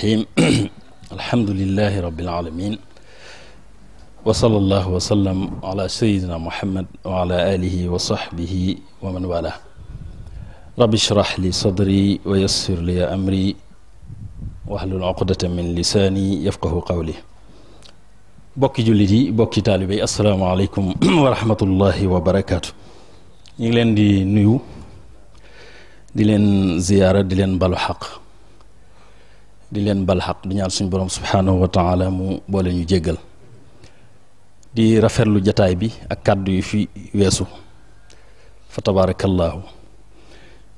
rahim alhamdulilahi rabbil alamin wa sallallahu wa sallam ala sayidina muhammad wa ala alihi wa sahbihi wa man wala rabbi shrah li sadri wa yassir li amri wahlul uqdatan min lisaani yafqahu qawli bokki jullit yi bokki taalibe yi asalaamaaleykum wa rahmatullahi wa barakaatu ñu ngi leen di nuyu di leen ziyaara di leen balu xaq di leen bal xaq di ñaan suñ borom subhaanahu wa taala mu boole ñu jéggal di rafetlu jataay bi ak kàddu yu fi weesu fa tabaarakallaahu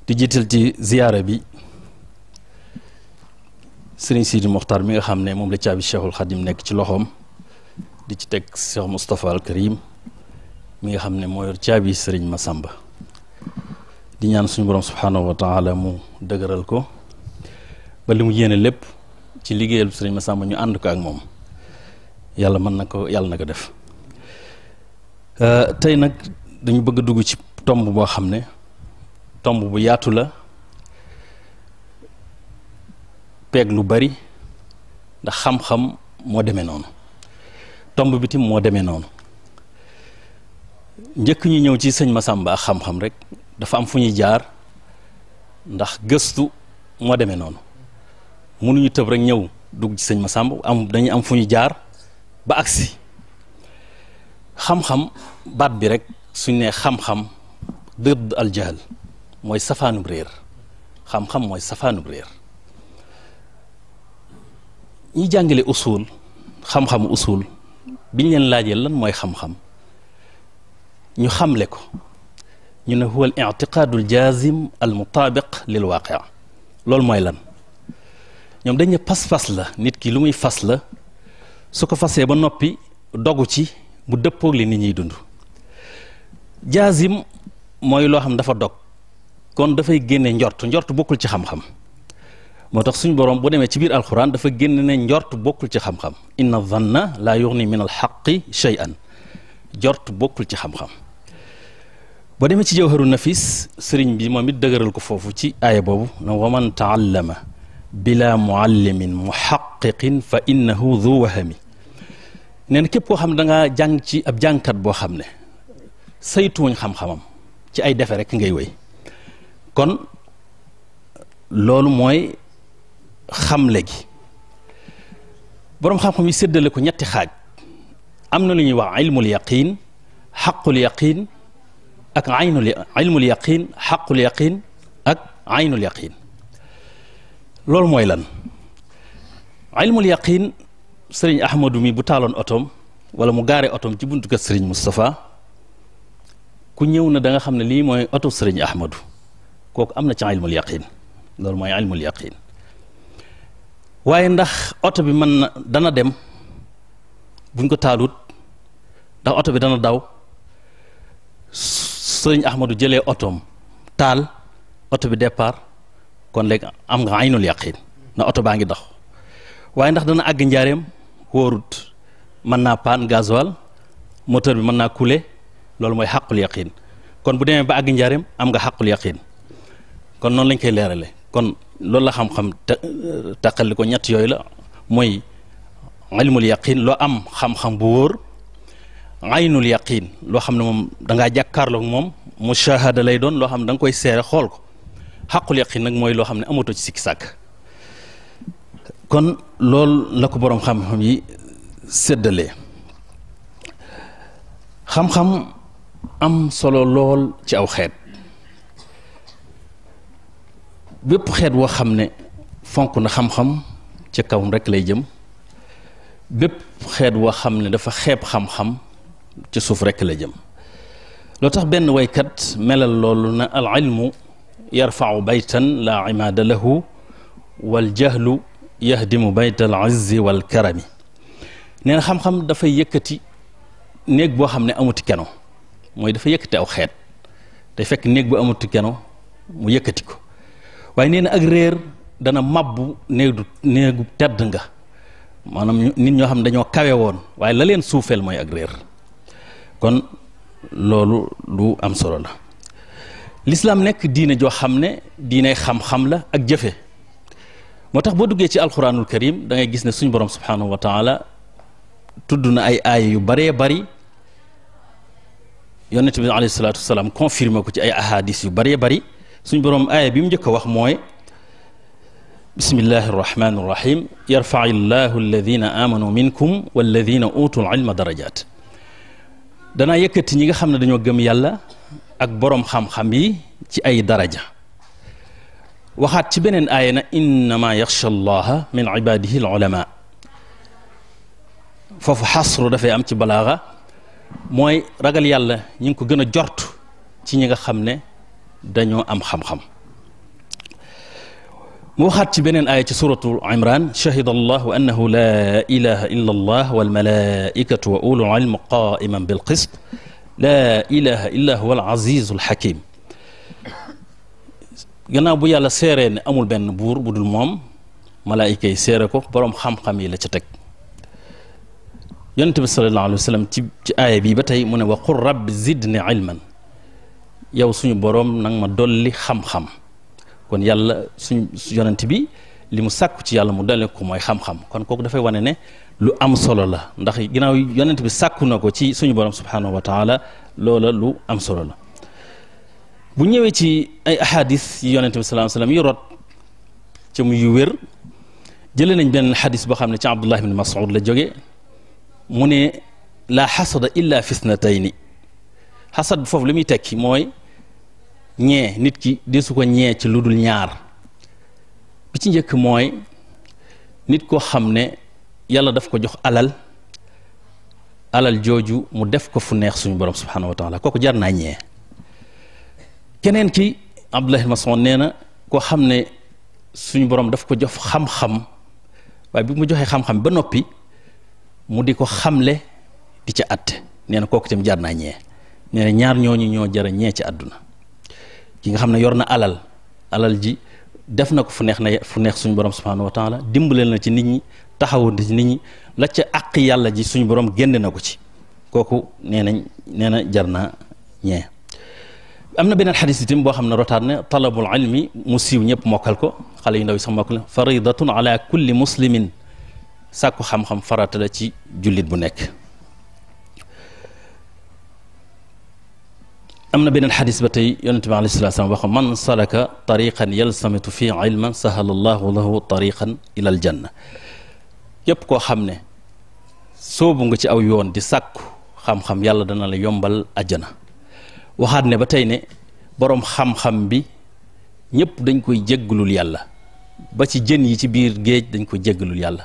di jiital ci ziyaara bi sëriñ Sidi Moxtaar mi nga xam ne moom la caabi Cheikhul Xadim nekk ci loxoom di ci teg Cheikh Moustapha al Karim mi nga xam ne moo yor caabi sëriñ Masamba di ñaan suñu borom subhaanahu wa taala mu dëgëral ko ba li mu jéene lépp ci liggéeyal sëriñ Massamba ñu ànd ko ak moom yàlla mën na ko yàlla na ko def euh, tey nag dañu bëgg a dugg ci tomb boo xam ne tomb bu yaatu la peeg lu bari ndax xam-xam moo demee noonu tomb bitim moo demee noonu njëkk ñu ñëw ci sëñ Massamba ak xam-xam rek dafa am fu ñuy jaar ndax gëstu moo demee noonu mënuñu tëb rek ñëw dugg ci sañ ma sàmb am dañuy am fu ñu jaar ba agsi xam-xam baat bi rek suñ nee xam-xam dëdd aljahl mooy safaanub réer xam mooy safaanub réer ñi jàngale usul xam-xamu usul biñ leen laajee lan mooy xam-xam ñu xamle ko ñu ne huwa al i'tiqaadu al jaazim al lil waaqia loolu mooy lan ñoom dañ ne pas-pas la nit kii lu muy fas la su ko fasee ba noppi dogu ci mu dëppoog li nit ñiy dund jaazim mooy loo xam dafa dog kon dafay génne njort njort bokkul ci xam-xam moo tax suñu borom bu demee ci biir alxuraan dafa génne ne njort bokkul ci xam-xam inna zanna laa yughni min alxaqi shay'an jort bokkul ci xam-xam boo demee ci jawharu nafis sëriñ bi moom it dëgëral ko foofu ci aaya boobu na waman taallama bila muallimin muhaqiqin fa innahu dhu wahami nee na képp koo xam ne da ngaa jàng ci ab jàngkat boo xam ne saytuwuñ xam-xamam ci ay defe rek ngay wéy kon loolu mooy xamle gi boroom xam-xam yi séddale ko ñetti xaaj am na lu ñuy wax ilmul yaqin xaqul yaqin ak aynul ilmul yaqin xaqul yaqin ak aynul yaqin loolu mooy lan ilmul yaqin sëriñ ahmadu mi bu taaloon otoom wala mu gaare otoom ci buntu kër sëriñ Moustapha ku ñëw na danga xam ne lii mooy oto sëriñ ahmadu kooku am na ci ilmul yaqin loolu mooy ilmul yaqin waaye ndax oto bi mën na dana dem buñ ko taalut ndax oto bi dana daw sëriñ ahmadu jëlee otoom taal oto bi départ kon léegi am nga aynul yaqin na oto baa ngi dox waaye ndax dana àgg njaareem wóorut mën naa paan gasoil moteur bi mën naa couler loolu mooy xaqul yaqin kon bu demee ba ag njaareem am nga xaqul yaqin kon noonu lañ koy leerale kon loolu la xam-xam ko ñett yooyu la mooy ilmul yaqin loo am xam-xam bu wóor aynul yaqin loo xam ne moom dangaa jàkkaarloog moom mushahada lay doon loo xam ne da nga koy seere xool ko xaqul yaqin nag mooy loo xam ne amatoo ci sikki sàkk kon lool la ko boroom xam-xam yi séddalee xam-xam am solo lool ci aw xeet bépp xeet woo xam ne fonk na xam-xam ca kawam rekk lay jëm bépp xeet woo xam ne dafa xeeb xam-xam ca suuf rekk lay jëm loo tax benn waykat melal loolu na al ilmu yarfacu baytan laa imaada lahu waljahlu yahdimu bayta al izzi wal karami nee na xam-xam dafay yëkkati néeg boo xam ne amuti keno mooy dafa yëkkati aw xeet te fekk néeg bu amuti keno mu yëkkati ko waaye nee na ak réer dana mabbu néegu néegu tedd nga maanaam nit ñoo xam ne dañoo kawe woon waaye la leen suufeel mooy ak réer kon loolu lu am solo la lislaam nekk diine joo xam ne diinay xam-xam la ak jëfe moo tax boo duggee ci alquranul karim da ngay gis ne suñu borom subhanahu wa taala tudd na ay aaya yu baree bari yonent bi alayhi salaatu wasalaam ko ci ay ahadis yu baree bari suñu borom aaya bi mu njëkk a wax mooy bismillahi arrahmani irrahim yarfai llahu alladina amanu minkum walladina utul ilma darajat danaa yëkkati ñi nga xam ak boroom xam-xam yi ci ay daraja waxaat ci beneen aaya na innama yaxsha allaha min ibadihi dafay am ci balaaxa mooy ragal yàlla ñu ngi ko gën a jort ci ñi nga xam ne dañoo am xam-xam mu waxaat ci beneen aaya ci suratu imran shahida allahu annahu la ilaha illa allah walmalaikatu wa ulul ilm qaiman bilqist laa ilaha illa huwa al azizul hakim bu yàlla seeree ne amul benn buur bu dul moom malaayika yi seere ko boroom xam-xam yi la ca teg yonent bi sallallahu alayhi wa sallam ci ci aaya bii ba tey mu ne wa rab rabbi zidni ilman yow suñu boroom nag ma dolli xam-xam kon yàlla suñu yonent bi li mu sàkku ci yàlla mu dolli ko mooy xam-xam kon kooku dafay wane ne lu am solo la ndax ginnaaw yonent bi sàkku na ko ci suñu borom subhaanahu wa taala loola lu am solo la bu ñëwee ci ay ahadis yi yonent bi salaam salaam yi rot ci mu yu wér jëlee nañ benn xadis boo xam ne ci Abdullah ibn Mas'ud la jóge mu ne laa xasada illa fisnatayni xasad foofu li muy tekki mooy ñee nit ki desu ko ñee ci lu dul ñaar bi ci njëkk mooy nit koo xam ne yàlla daf ko jox alal alal jooju mu def ko fu neex suñu borom subhanahu wa taala kooku jar naa ñee keneen ki Abdullahi Mas'ud nee na koo xam ne suñu borom dafa ko jox xam-xam waaye bi mu joxee xam-xam ba noppi mu di ko xamle di ca àtte nee na kooku itam jar naa ñee nee na ñaar ñooñu ñoo jara ñee ci àdduna ki nga xam ne yor na alal alal ji def na ko fu neex na fu neex suñu borom subhaanahu wa taala dimbaleel na ci nit ñi taxawoon na ci nit ñi la ca yàlla ji suñu borom génne na ko ci kooku nee nañ nee na jar naa ñee am na beneen xadis boo xam ne rotaat ne talabul ilmi mu siiw ñëpp mokkal ko xale yu ndaw yi sax mokkal faridatun ala kulli muslimin sàkku xam-xam farata la ci jullit bu nekk am na beneen xadis ba tey yonente bi alayhi salaatu salaam wax man salaka tariqan yalsamitu fi ilman sahala allahu lahu tariqan ila al janna yépp koo xam ne soobu nga ci aw yoon di sàkku xam-xam yàlla dana la yombal ajjana waxaat ne ba tey ne boroom xam-xam bi ñëpp dañ koy jéggalul yàlla ba ci jën yi ci biir géej dañ koy jéggalul yàlla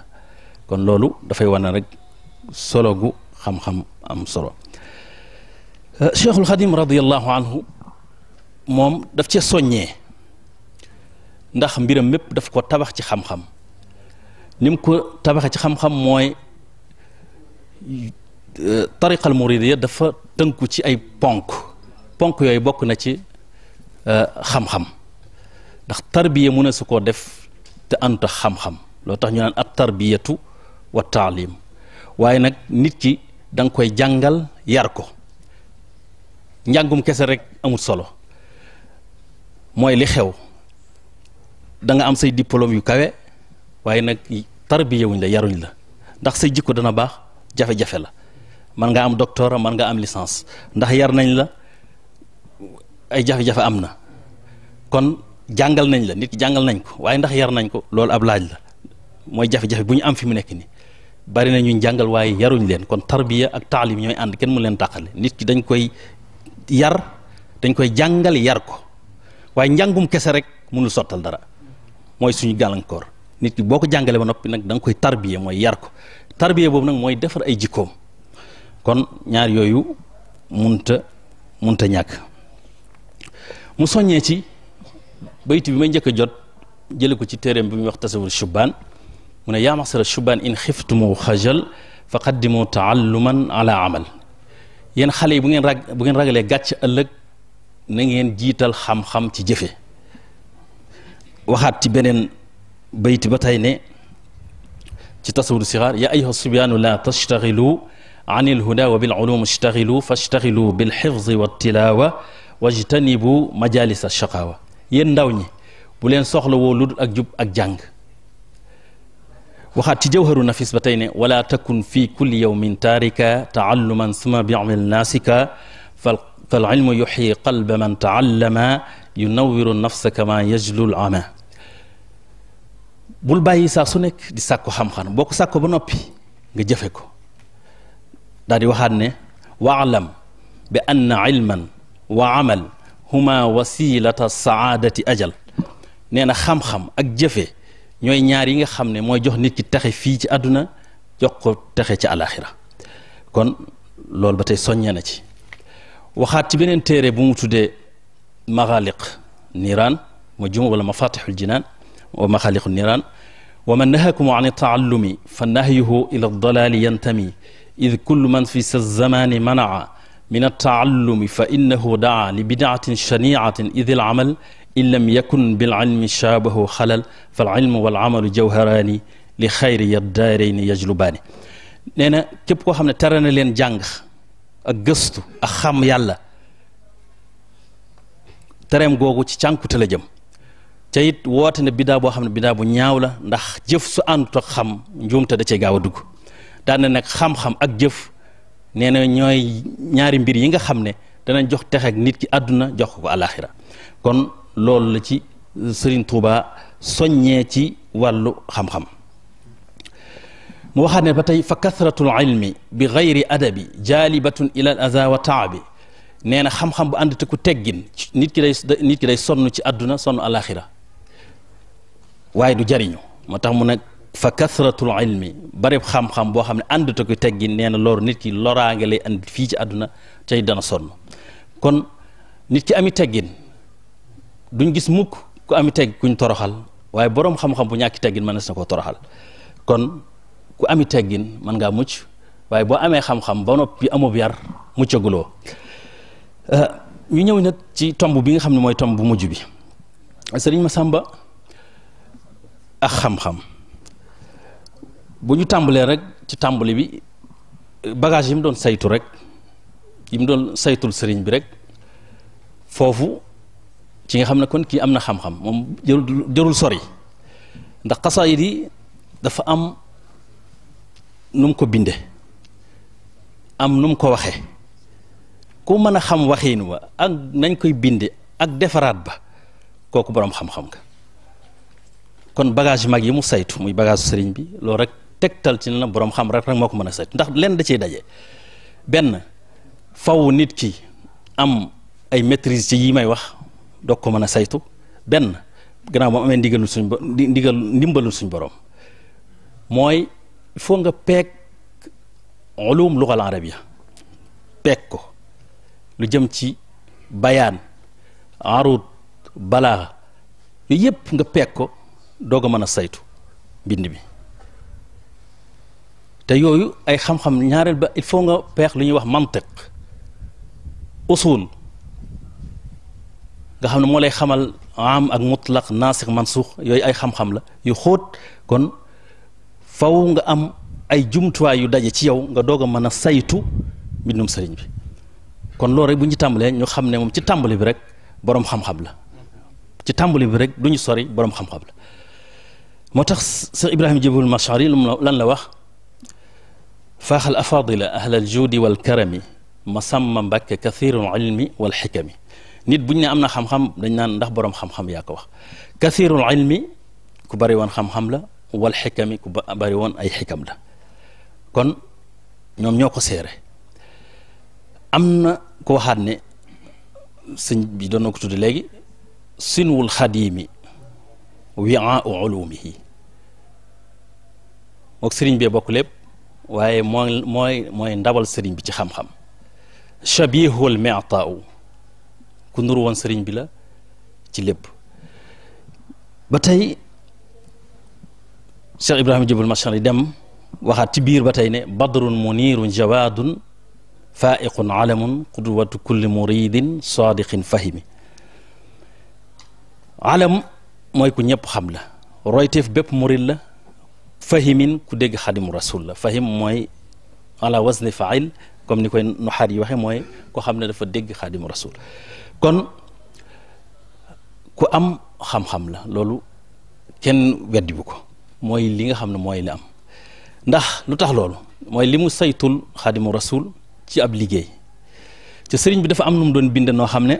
kon loolu dafay wane rek solo gu xam-xam am solo Euh, cheikhul xadim radiallahu anhu moom daf cee soññee ndax mbiram mépp daf ko tabax ci xam-xam ni mu ko tabaxe ci xam-xam mooy euh, tariqal muridiya dafa tënku ci ay ponk ponk yooyu bokk na ci euh, xam-xam ndax tarbiya mu ne su koo def te anta xam-xam loolu tax ñu naan at tarbiyatu wa taalim waaye nag nit ki danga koy jàngal yar ko njàngum kese rek amul solo mooy li xew danga am say diplôme yu kawe waaye nag tarbiyewuñ la yaruñ la ndax say jikko dana baax jafe-jafe la man nga am doctorat man nga am licence ndax yar nañ la ay jafe-jafe am na kon jàngal nañ la nit ki jàngal nañ ko waaye ndax yar nañ ko loolu ab laaj la mooy jafe-jafe bu ñu am fi mu nekk nii bari na ñu jàngal waaye yaruñ leen kon tarbiya ak taalim ñooy ànd kenn mu leen tàqale nit ki dañ koy yar dañ koy jàngal yar ko waaye njàngum kese rek mënul sottal dara mooy suñu gàllankoor nit ki boo ko jàngalee ba noppi nag danga koy tarbiye mooy yar ko tarbiye boobu nag mooy defar ay jikkoom kon ñaar yooyu munta munta ñàkk mu soññee ci bayti bi may njëkk jot jële ko ci téeréem bi muy wax tasawur shubaan mu ne yaa maxsara shubaan in xiftumu xajal fa qaddimu taalluman ala amal yéen xale yi bu ngeen rag bu ngeen ragalee gàcc ëllëg na ngeen jiital xam-xam ci jëfe waxaat ci beneen bayti ba tey ne ci tasawur sixaar ya ayuha subyaanu la tastaxilu an ilhuda wa bil ulum istaxilu fastaxilu bil xifzi wa tilaawa wajtanibu majalis ashaqaawa yéen ndaw ñi bu leen soxla woo ludul ak jub ak jàng waxaat ci jawharu nafis ba tey ne wala takun fi kulli yawmin taarika taalluman suma biamil naasika fal fal ilmu yuxyi qalba man taallama yunawiru nafsa kama yajlul ama bul bàyyi saa su nekk di sàkko xam-xam boo ko ba noppi nga jëfe ko daal waxaat ne waalam bi anna ilman wa amal huma wasilata saadati ajal nee na xam-xam ak jëfe ñooy ñaar yi nga xam ne mooy jox nit ki taxe fii ci àdduna jox texe ci àlaxira kon loolu ba tey soññe na ci waxaat ci beneen téere bu mu tuddee maxaaliq niiraan ma juma wala mafatixul jinaan wa maxaaliqu niiraan wa man nahakum an taallumi fa nahyuhu ila dalaali yantami id kullu man fi sa zamaani manaa min altaallumi fa innahu daa li bidaatin shaniatin id in lam yakun bil ilmi shaabahu xalal fal ilmu wal amalu jawharaani li xayri ya daarayni yajlubaani nee na képp koo xam ne tere na leen jàng ak gëstu ak xam yàlla tereem googu ci cànkute la jëm te it woote na biddaa boo xam ne biddaa bu ñaaw la ndax jëf su àndut ak xam njuumte da cee gaaw a dugg daan na nag xam-xam ak jëf nee na ñooy ñaari mbir yi nga xam ne danañ jox texeek nit ki àdduna jox ko alaaxira loolu la ci sëriñ Touba soññee ci wàllu xam-xam mu waxaat ne ba tey fa kasratul ilmi bi gayri adabi jaalibatun ila al aza wa taabi nee na xam-xam bu ànd te ku teggin nit ki day nit ci àdduna sonn alaxira waaye du jariñu moo tax mu nag fa kasratul ilmi bari xam-xam boo xam ne ànd te ku teggin nee na loolu nit ki loraange lay andi fii ci àdduna tey dana sonn kon nit ki ami teggin duñ gis mukk ku ami tegg kuñ toroxal waaye boroom xam-xam bu ñàkki teggin mënees na koo toroxal kon ku ami teggin mën ngaa mucc waaye boo amee xam-xam ba noppi amub yar muccaguloo euh, ñu ñëw nag ci tomb bi nga xam ne mooy tomb bu mujj bi sëriñ Masamba ak xam-xam bu ñu tàmbalee rek ci tàmbali bi bagage yi mu doon saytu rek yi doon saytul sëriñ bi rek foofu ci nga xam ne kon kii am na xam-xam moom jërul jërul sori ndax xasaayid yi dafa am nu mu ko binde am nu mu ko waxee ku mën a xam waxiin wa ak nañ koy binde ak defaraat ba kooku boroom xam-xam nga kon bagage yu mag yi mu saytu muy bagage sëriñ bi loolu rek tegtal ci ne la boroom xam rek rek moo ko mën a saytu ndax lenn da ciy daje benn faw nit ki am ay maîtrise ci yi may wax doog ko mën a saytu benn gannaaw ba amee ndigalul suñ bo ndimbalul suñ borom mooy il faut nga peeg ulum lugal peeg ko lu jëm ci bayaan arud balaa yooyu yëpp nga peeg ko doo ko mën a saytu mbind bi te yooyu ay xam-xam ñaareel ba il faut nga peex lu ñuy wax mantiq usul nga xam ne moo lay xamal am ak mutlaq naasix mansuux yooyu ay xam-xam la yu xóot kon faw nga am ay jumtuwaay yu daje ci yow nga doog a mën a saytu mbindum sëriñ bi kon loolu rek bu ñu tàmbalee ñu xam ne ci tàmbali bi rek boroom xam la ci tàmbali bi rek du ñu sori boroom xam-xam la moo tax Seex Ibrahima Jibril Machari la wax faaxal afaadila ahlal juudi wal karami masamma mbàkke kathirul ilmi nit buñ ne am na xam-xam dañ naan ndax boroom xam-xam yaa ko wax kathirul ilmi ku bari woon xam-xam la wal xikami ku bari woon ay xikam la kon ñoom ñoo ko seere am na ko waxaat ne sëñ bi doon na ko tuddi léegi sinwul xadiimi wiaau ulumihi mook sëriñ bee bokk lépp waaye mooy mooy mooy ndabal sëriñ bi ci xam-xam shabihul mi'ta'u ku nuru woon sëriñ bi la ci lépp ba tey Cheikh Ibrahima Jibul Machar yi dem waxaat ci biir ba tey ne badrun muniirun jawaadun faiqun alamun qudwatu kulli muridin fahimi alam mooy ku ñëpp xam la royteef bépp murid fahimin ku degg xadimu rasul la fahim mooy ala wazni fail comme ni koy nuxaat yi waxe mooy ko xam ne dafa dégg xadimu rasul kon ku am xam-xam la loolu kenn weddi bu ko mooy li nga xam ne mooy li am ndax lu tax loolu mooy li mu saytul xaadimu rasul ci ab liggéey ci sëriñ bi dafa am nu mu doon bind noo xam ne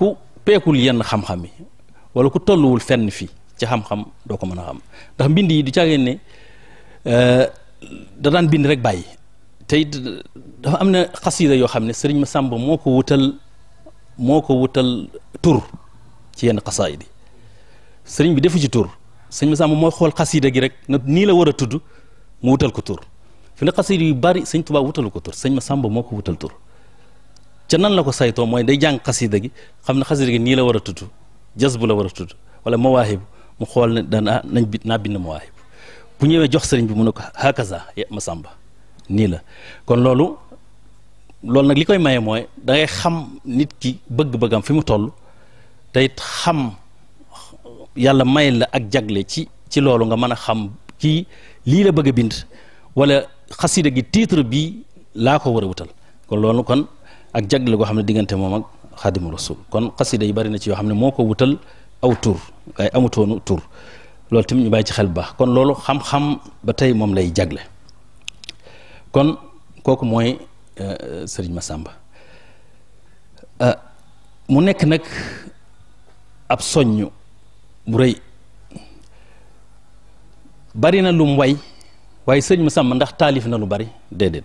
ku peekul yenn xam yi wala ku tolluwul fenn fii ci xam doo ko mën a xam ndax mbind yi du caageen ne da daan bind rek bàyyi te it am na xasida yoo xam ne sëriñ Masamba moo ko wutal moo ko wutal tur ci yenn xasaayid yi sëriñ bi defu ci tur sëñ Masamba mooy xool xasida gi rek nga nii la war a tudd mu wutal ko tur fi ne xasida yu bari sëñ Tuubaa wutalu ko tur ma Masamba moo ko wutal tur ca nan la ko saytoo mooy day jàng xasida gi xam ne xasida gi nii la war a tudd jas bu la war a tudd wala mawaahib mu xool ne dana nañ bi naa bind mawaahib bu ñëwee jox sëriñ bi mu ne ko hakaza ma samba nii la kon loolu loolu nag li koy maye mooy da xam nit ki bëgg-bëggam fi mu toll te xam yàlla may la ak jagle ci ci loolu nga mën a xam kii lii la bëgg a bind wala xasida gi titre bii laa ko war a wutal kon loolu kon ak jagle goo xam ne diggante moom ak xaadimu rasul kon xasida yi bari na ci yoo xam ne moo ko wutal aw waaye amutoonu tur loolu tamit ñu bàyyi ci xel bu baax kon loolu xam-xam ba tey moom lay jagle kon kooku mooy Euh, sëriñ sàmba euh, mu nekk nag ab soññ bu rëy bari na lum way waaye sëriñ Massamba ndax taalif na lu bari déedéet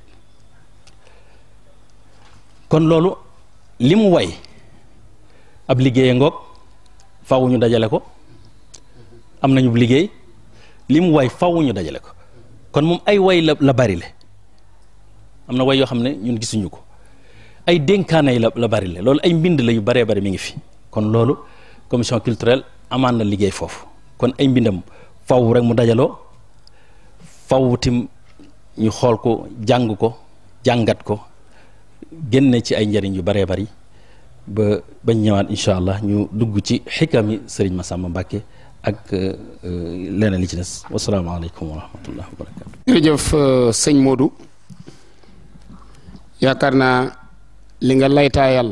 kon loolu li mu way ab liggéeya ngoog faw ñu dajale ko am nañu liggéey li mu way faw ñu dajale ko kon moom ay way la la bari le am na way yoo xam ne ñun gisuñu ko ay dénkaanay la la bari la loolu ay mbind la yu baree bari mi ngi fi kon loolu commission culturelle amaan na liggéey foofu kon ay mbindam faw rek mu dajaloo faw tim ñu xool ko jàng ko jàngat ko génne ci ay njëriñ yu baree bari ba bañ ñëwaat incha allah ñu dugg ci xikami sëriñ sàmm Mbacke ak euh, euh, leneen li ci des wasalaamaaleykum wa rahmatullah wa barakatu jërëjëf euh, sëñ yaakaar naa li nga laytaayal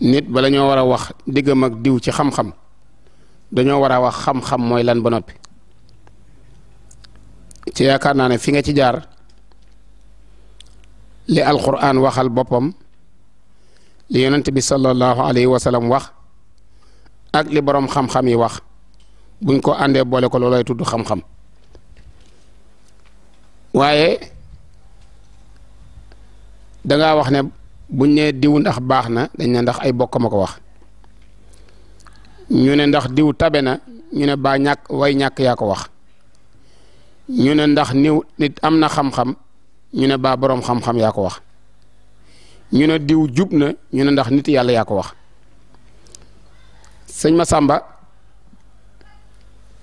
nit ba lañoo war a wax diggam ak diw ci xam-xam dañoo war a wax xam-xam mooy lan ba noppi ci yaakaar naa ne fi nga ci jaar li alquran waxal boppam li yonent bi sallallahu alayhi wa wax ak li boroom xam-xam yi wax buñ ko àndee boole ko loolay tudd xam-xam waaye danga wax ne buñ ne diw ndax baax na dañ ne ndax ay bokk ma ko wax ñu ne ndax diw tabe na ñu ne baa ñàkk way ñàkk yaa ko wax ñu ne ndax niw nit am na xam-xam ñu ne baa boroom xam-xam yaa ko wax ñu ne diw jub na ñu ne ndax nit yàlla yaa ko wax sëñ Masamba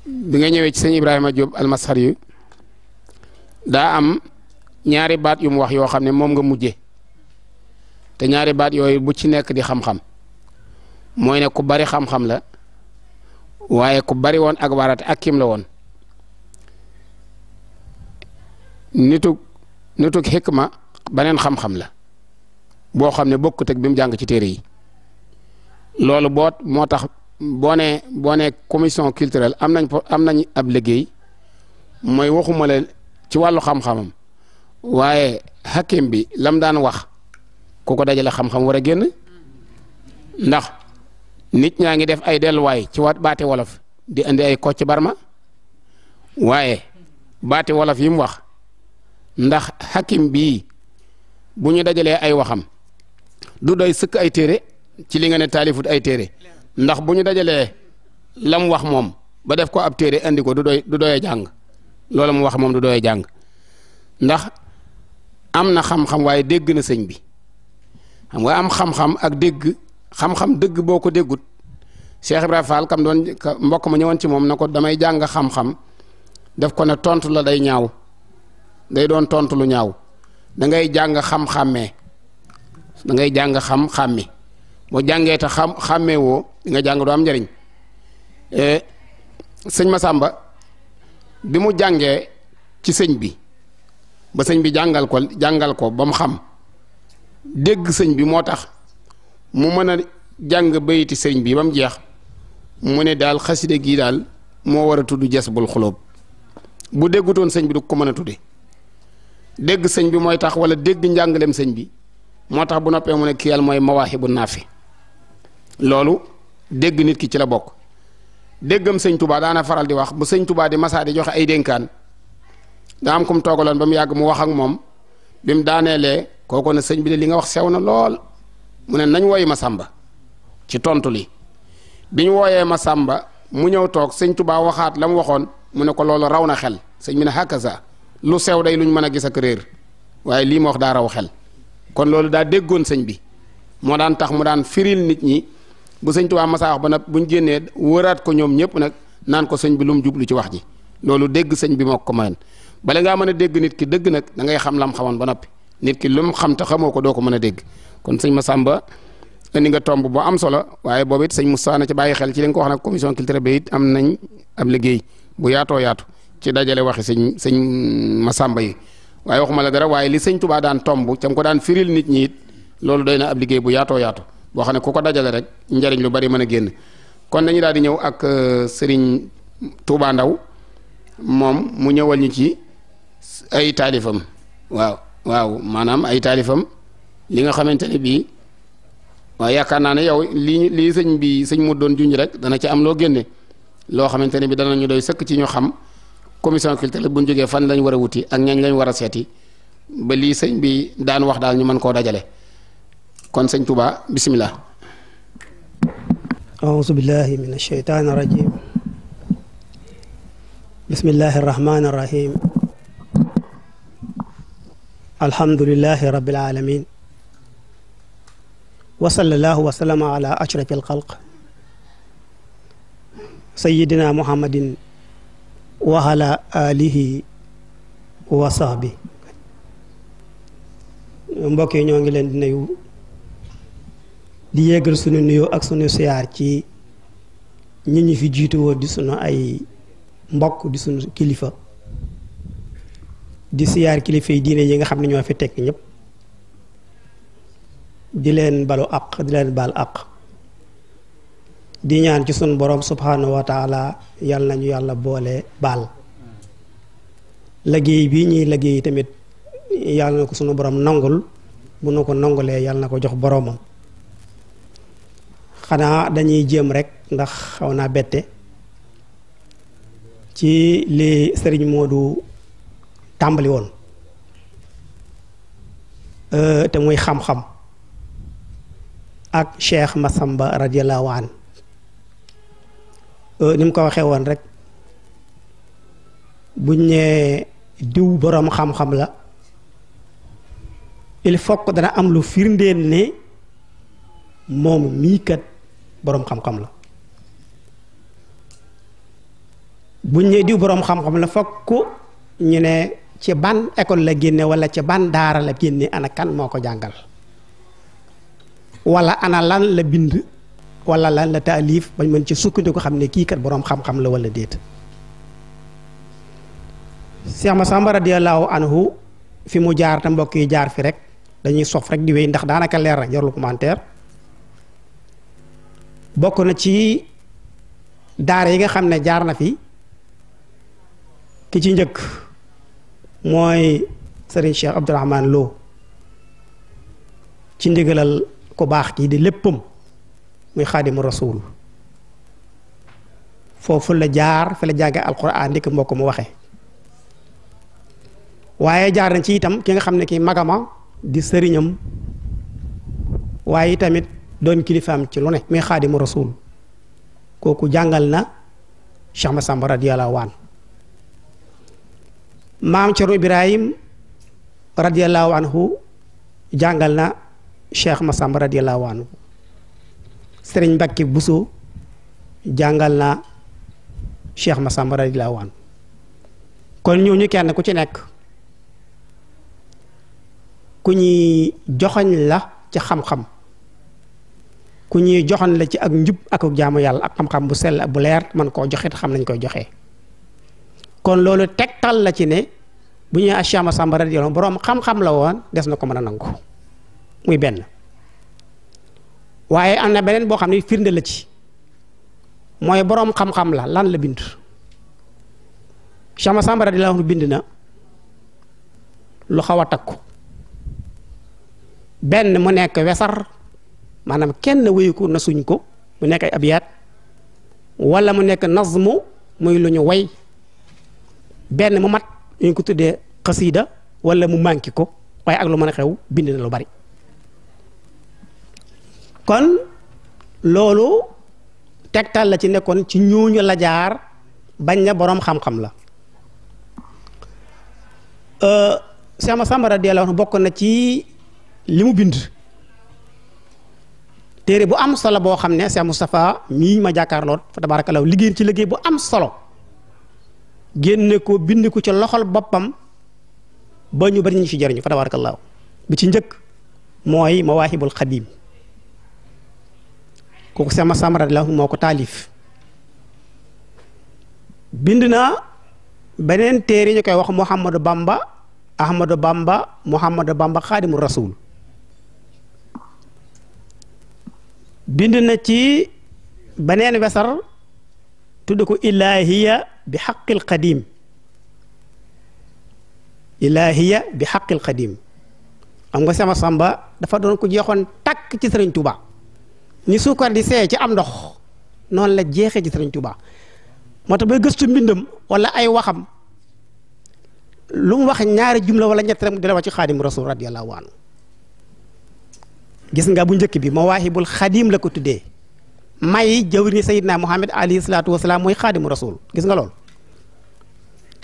bi nga ñëwee ci sëñ Ibrahima Diop almasar yu daa am ñaari baat yu mu wax yoo xam ne moom nga mujje te ñaari baat yooyu bu ci nekk di xam-xam mooy ne ku bari xam-xam la waaye ku bari woon ak warate ak kim la woon nituk nituk xikma beneen xam-xam la boo xam ne bokkut ak bi mu jàng ci téere yi loolu boot moo tax bone nee boo nee commission culturelle am nañ am nañ ab liggéey mooy waxuma ci wàllu xam-xamam waaye hakim bi lam daan wax ku ko dajale xam-xam war a génn ndax nit ñaa ngi def ay delluwaay ci waat baati wolof di andi ay kocc barma waaye baati wolof yi mu wax ndax xakim bii bu ñu dajalee ay waxam du doy sëkk ay téere ci li nga ne taalifut ay téere ndax bu ñu dajalee lam wax moom ba def ko ab téere andi ko du doy du doy jàng loolu mu wax moom du doy jàng ndax am na xam-xam waaye dégg na sëñ bi xam nga am xam-xam ak dégg xam-xam dëgg boo ko déggut Cheikh Ibrahima Fall kam doon mbokk ma ñëwoon ci moom na ko damay jàng xam-xam def ko ne tontu la day ñaaw day doon tontu lu ñaaw dangay jàng xam-xàmmee da jàng xam-xàmmi boo jàngee te xam xàmmee woo di nga jàng du am njariñ e, sëñ Masamba bi mu jàngee ci sëñ bi ba sëñ bi jàngal ko jàngal ko ba mu xam. dégg sëñ bi moo tax mu mën a jàng bayiti sëñ bi ba mu jeex mu ne daal xasida gii daal moo war a tudd jasbul xulóob bu déggutoon sëñ bi du ko mën a tuddi dégg sëñ bi mooy tax wala dégg njàngaleem sëñ bi moo tax bu noppee mu ne kii yàlla mooy mawaahibu fi loolu dégg nit ki ci la bokk déggam sëñ tubaa daana faral di wax bu sëñ tubaa di masaa di joxe ay dénkaan daa am ko mu ba mu yàgg mu wax ak moom bi mu daaneelee kooku ne sëñ bi de li nga wax sew na lool mu ne nañ wooyi ma sàmba ci tontu li bi ñu ma sàmba mu ñëw toog sëñ tubaa waxaat la mu waxoon mu ne ko loolu raw na xel sëñ bi ne hakaza lu sew day lu ñu mën a gis ak réer waaye lii ma wax daa raw xel kon loolu daa déggoon sëñ bi moo daan tax mu daan firil nit ñi bu sëñ tubaa masaa wax ba nag buñ génnee wëraat ko ñoom ñëpp nag naan ko sëñ bi lu mu jublu ci wax ji loolu dégg sëñ bi moo ko mayoon bala mën a dégg nit ki dëgg nag da ngay xam lam ba noppi nit ki lu mu xam te xamoo ko doo ko mën a dégg kon sëñ Massamba indi nga tomb bu am solo waaye boobu it sëñ Moussa na ci bàyyi xel ci li nga ko wax nag commission culturelle bi it am nañ ab liggéey bu yaatoo yaatu ci dajale waxi sëñ sëñ Massamba yi waaye waxuma la dara waaye li sëñ Touba daan tomb cam ko daan firil nit ñi it loolu na ab liggéey bu yaatoo yaatu boo xam ne ku ko dajale rek njariñ lu bari mën a génn kon dañu daal di ñëw ak euh, sëriñ Touba Ndaw moom mu ñëwal ñu ci ay taalifam waaw waaw maanaam ay taalifam li nga xamante ne bii waaye yaakaar naa ne yow lii lii sëñ bi sëñ mu doon junj rek dana ci am loo génne loo xamante ne bi ñu doy sëkk ci ñu xam commission culturelle bu ñu jógee fan lañ war a wuti ak ñañ lañ war a seeti ba lii sëñ bi daan wax daal ñu mën koo dajale kon sëñ Touba bisimilah. auzu billahi min ashaytaani rajim bismillahi rahmaani alhamdulilahi rabbil alamin wa sallallahu wa sallama ala ashrafi alxalq sayidina muhammadin wa alihi wa sahbi yi ñoo ngi leen di nuyu di yéegal sunu nuyoo ak sunu siyaar ci ñi ñu fi jiitu woon di sunu ay mbokk di sunu kilifa di siyaar kilifa yi diine yi nga xam ne ñoo fi tekk ñëpp di leen balu àq di leen baal àq di ñaan ci sun borom subhanahu wa yàlla yal nañu yàlla boole baal liggéey bi ñuy liggéey tamit yàlla na ko sunu borom nangul bu nu ko nangulee yàlla na ko jox boromam xanaa dañuy jéem rek ndax xaw naa bette ci li sëriñ Modou tàmbaliwoon woon euh, te muy xam-xam ak cheikh Massamba radiallahu an euh, ni mu ko waxee woon rek buñ ne diw boroom xam-xam la il faut que dana am lu firndeen ne moom mii kat boroom xam-xam la buñ ne diw boroom xam-xam la fokk ñu ne ci ban école la génne wala ci ban daara la génne ana kan moo ko jàngal wala ana lan la bind wala lan la taalif bañ mën ci sukkandiku xam ne kii kat boroom xam-xam la walla déet Cheikh Massamba radiyallahu anhu fi mu jaar te mbokk yi jaar fi rek dañuy sof rek di wéy ndax daanaka leer na jarul commentaire bokk na ci daara yi nga xam ne jaar na fi ki ci njëkk mooy sëriñ Cheikh Abdourahman Lo ci ndigalal ku baax kii di léppam muy xaadimu rasul foofu la jaar fa la jànge alquran ndikk moo mu waxe waaye jaar na ci itam ki nga xam ne kii magama di sëriñam waaye tamit doon kilifaam ci lu ne muy xaadimu rasul kooku jàngal na Cheikh Massamba radiyallahu anhu maam Cerno Ibrahim radiallahu anhu jàngal na Cheikh Massamba radiallahu anhu Sëriñ Mbàkke Buso jàngal na Cheikh Massamba radiallahu anhu kon ñooñu kenn ku ci nekk ku ñuy joxoñ la ci xam-xam ku ñuy joxoñ la ci ak njub ak jaamu yàlla ak xam-xam bu sell bu leer man koo joxit xam nañ koy joxe kon loolu teg tegtal la ci ne bu ñuy achama sàmba radiyallahu anhu boroom xam-xam la woon des na ko mën a nangu muy benn waaye am na beneen boo xam ne firnde la ci mooy boroom xam-xam la lan la bind achama sàmba radiyallahu anhu bind na lu xaw a takku benn mu nekk wesar maanaam kenn wéyu nasuñ ko mu nekk ay abiyaat wala mu nekk nazmu muy lu ñu woy benn mu mat ñu ngi ko tuddee xasiida wala mu manqué ko waaye ak lu mën a xew bind na lu bari kon loolu tegtal la ci nekkoon ci ñooñu la jaar bañ na boroom xam-xam la euh, Cheikh Massamba radiyallahu anhu bokk na ci li mu bind téere bu am solo boo xam ne Cheikh Moustapha mii ma jàkkaarloot fa tabarakallahu liggéey ci liggéey bu am solo génne ko bind ko ci loxol boppam ba ñu bari ñu ci jariñu fa tabaarakallaahu bi ci njëkk mooy mawaahibul xadiim kooku sama samara la moo ko taalif bind na beneen téere ñu koy wax Muhammadu Bamba Ahmadu Bamba Muhammadu Bamba xaadimu rasul bind na ci beneen wesar tudd ko ilaahiya bi xaqil qadim ilaahiya bi xaqil qadim xam nga sama samba dafa doon ko jeexoon takk ci sëriñ Tuuba ni suukar di see ci am ndox noonu la jeexee ci sëriñ Tuuba moo tax ba gëstu mbindam wala ay waxam lu mu wax ñaari jumla wala ñett rek dina wax ci xaadim rasul radiyallahu anhu gis nga bu njëkk bi mawaahibul xadim la ko tuddee may jëwriñu Seydina Muhammad alayhi salaatu wasalaam mooy xaadimu rasul gis nga loolu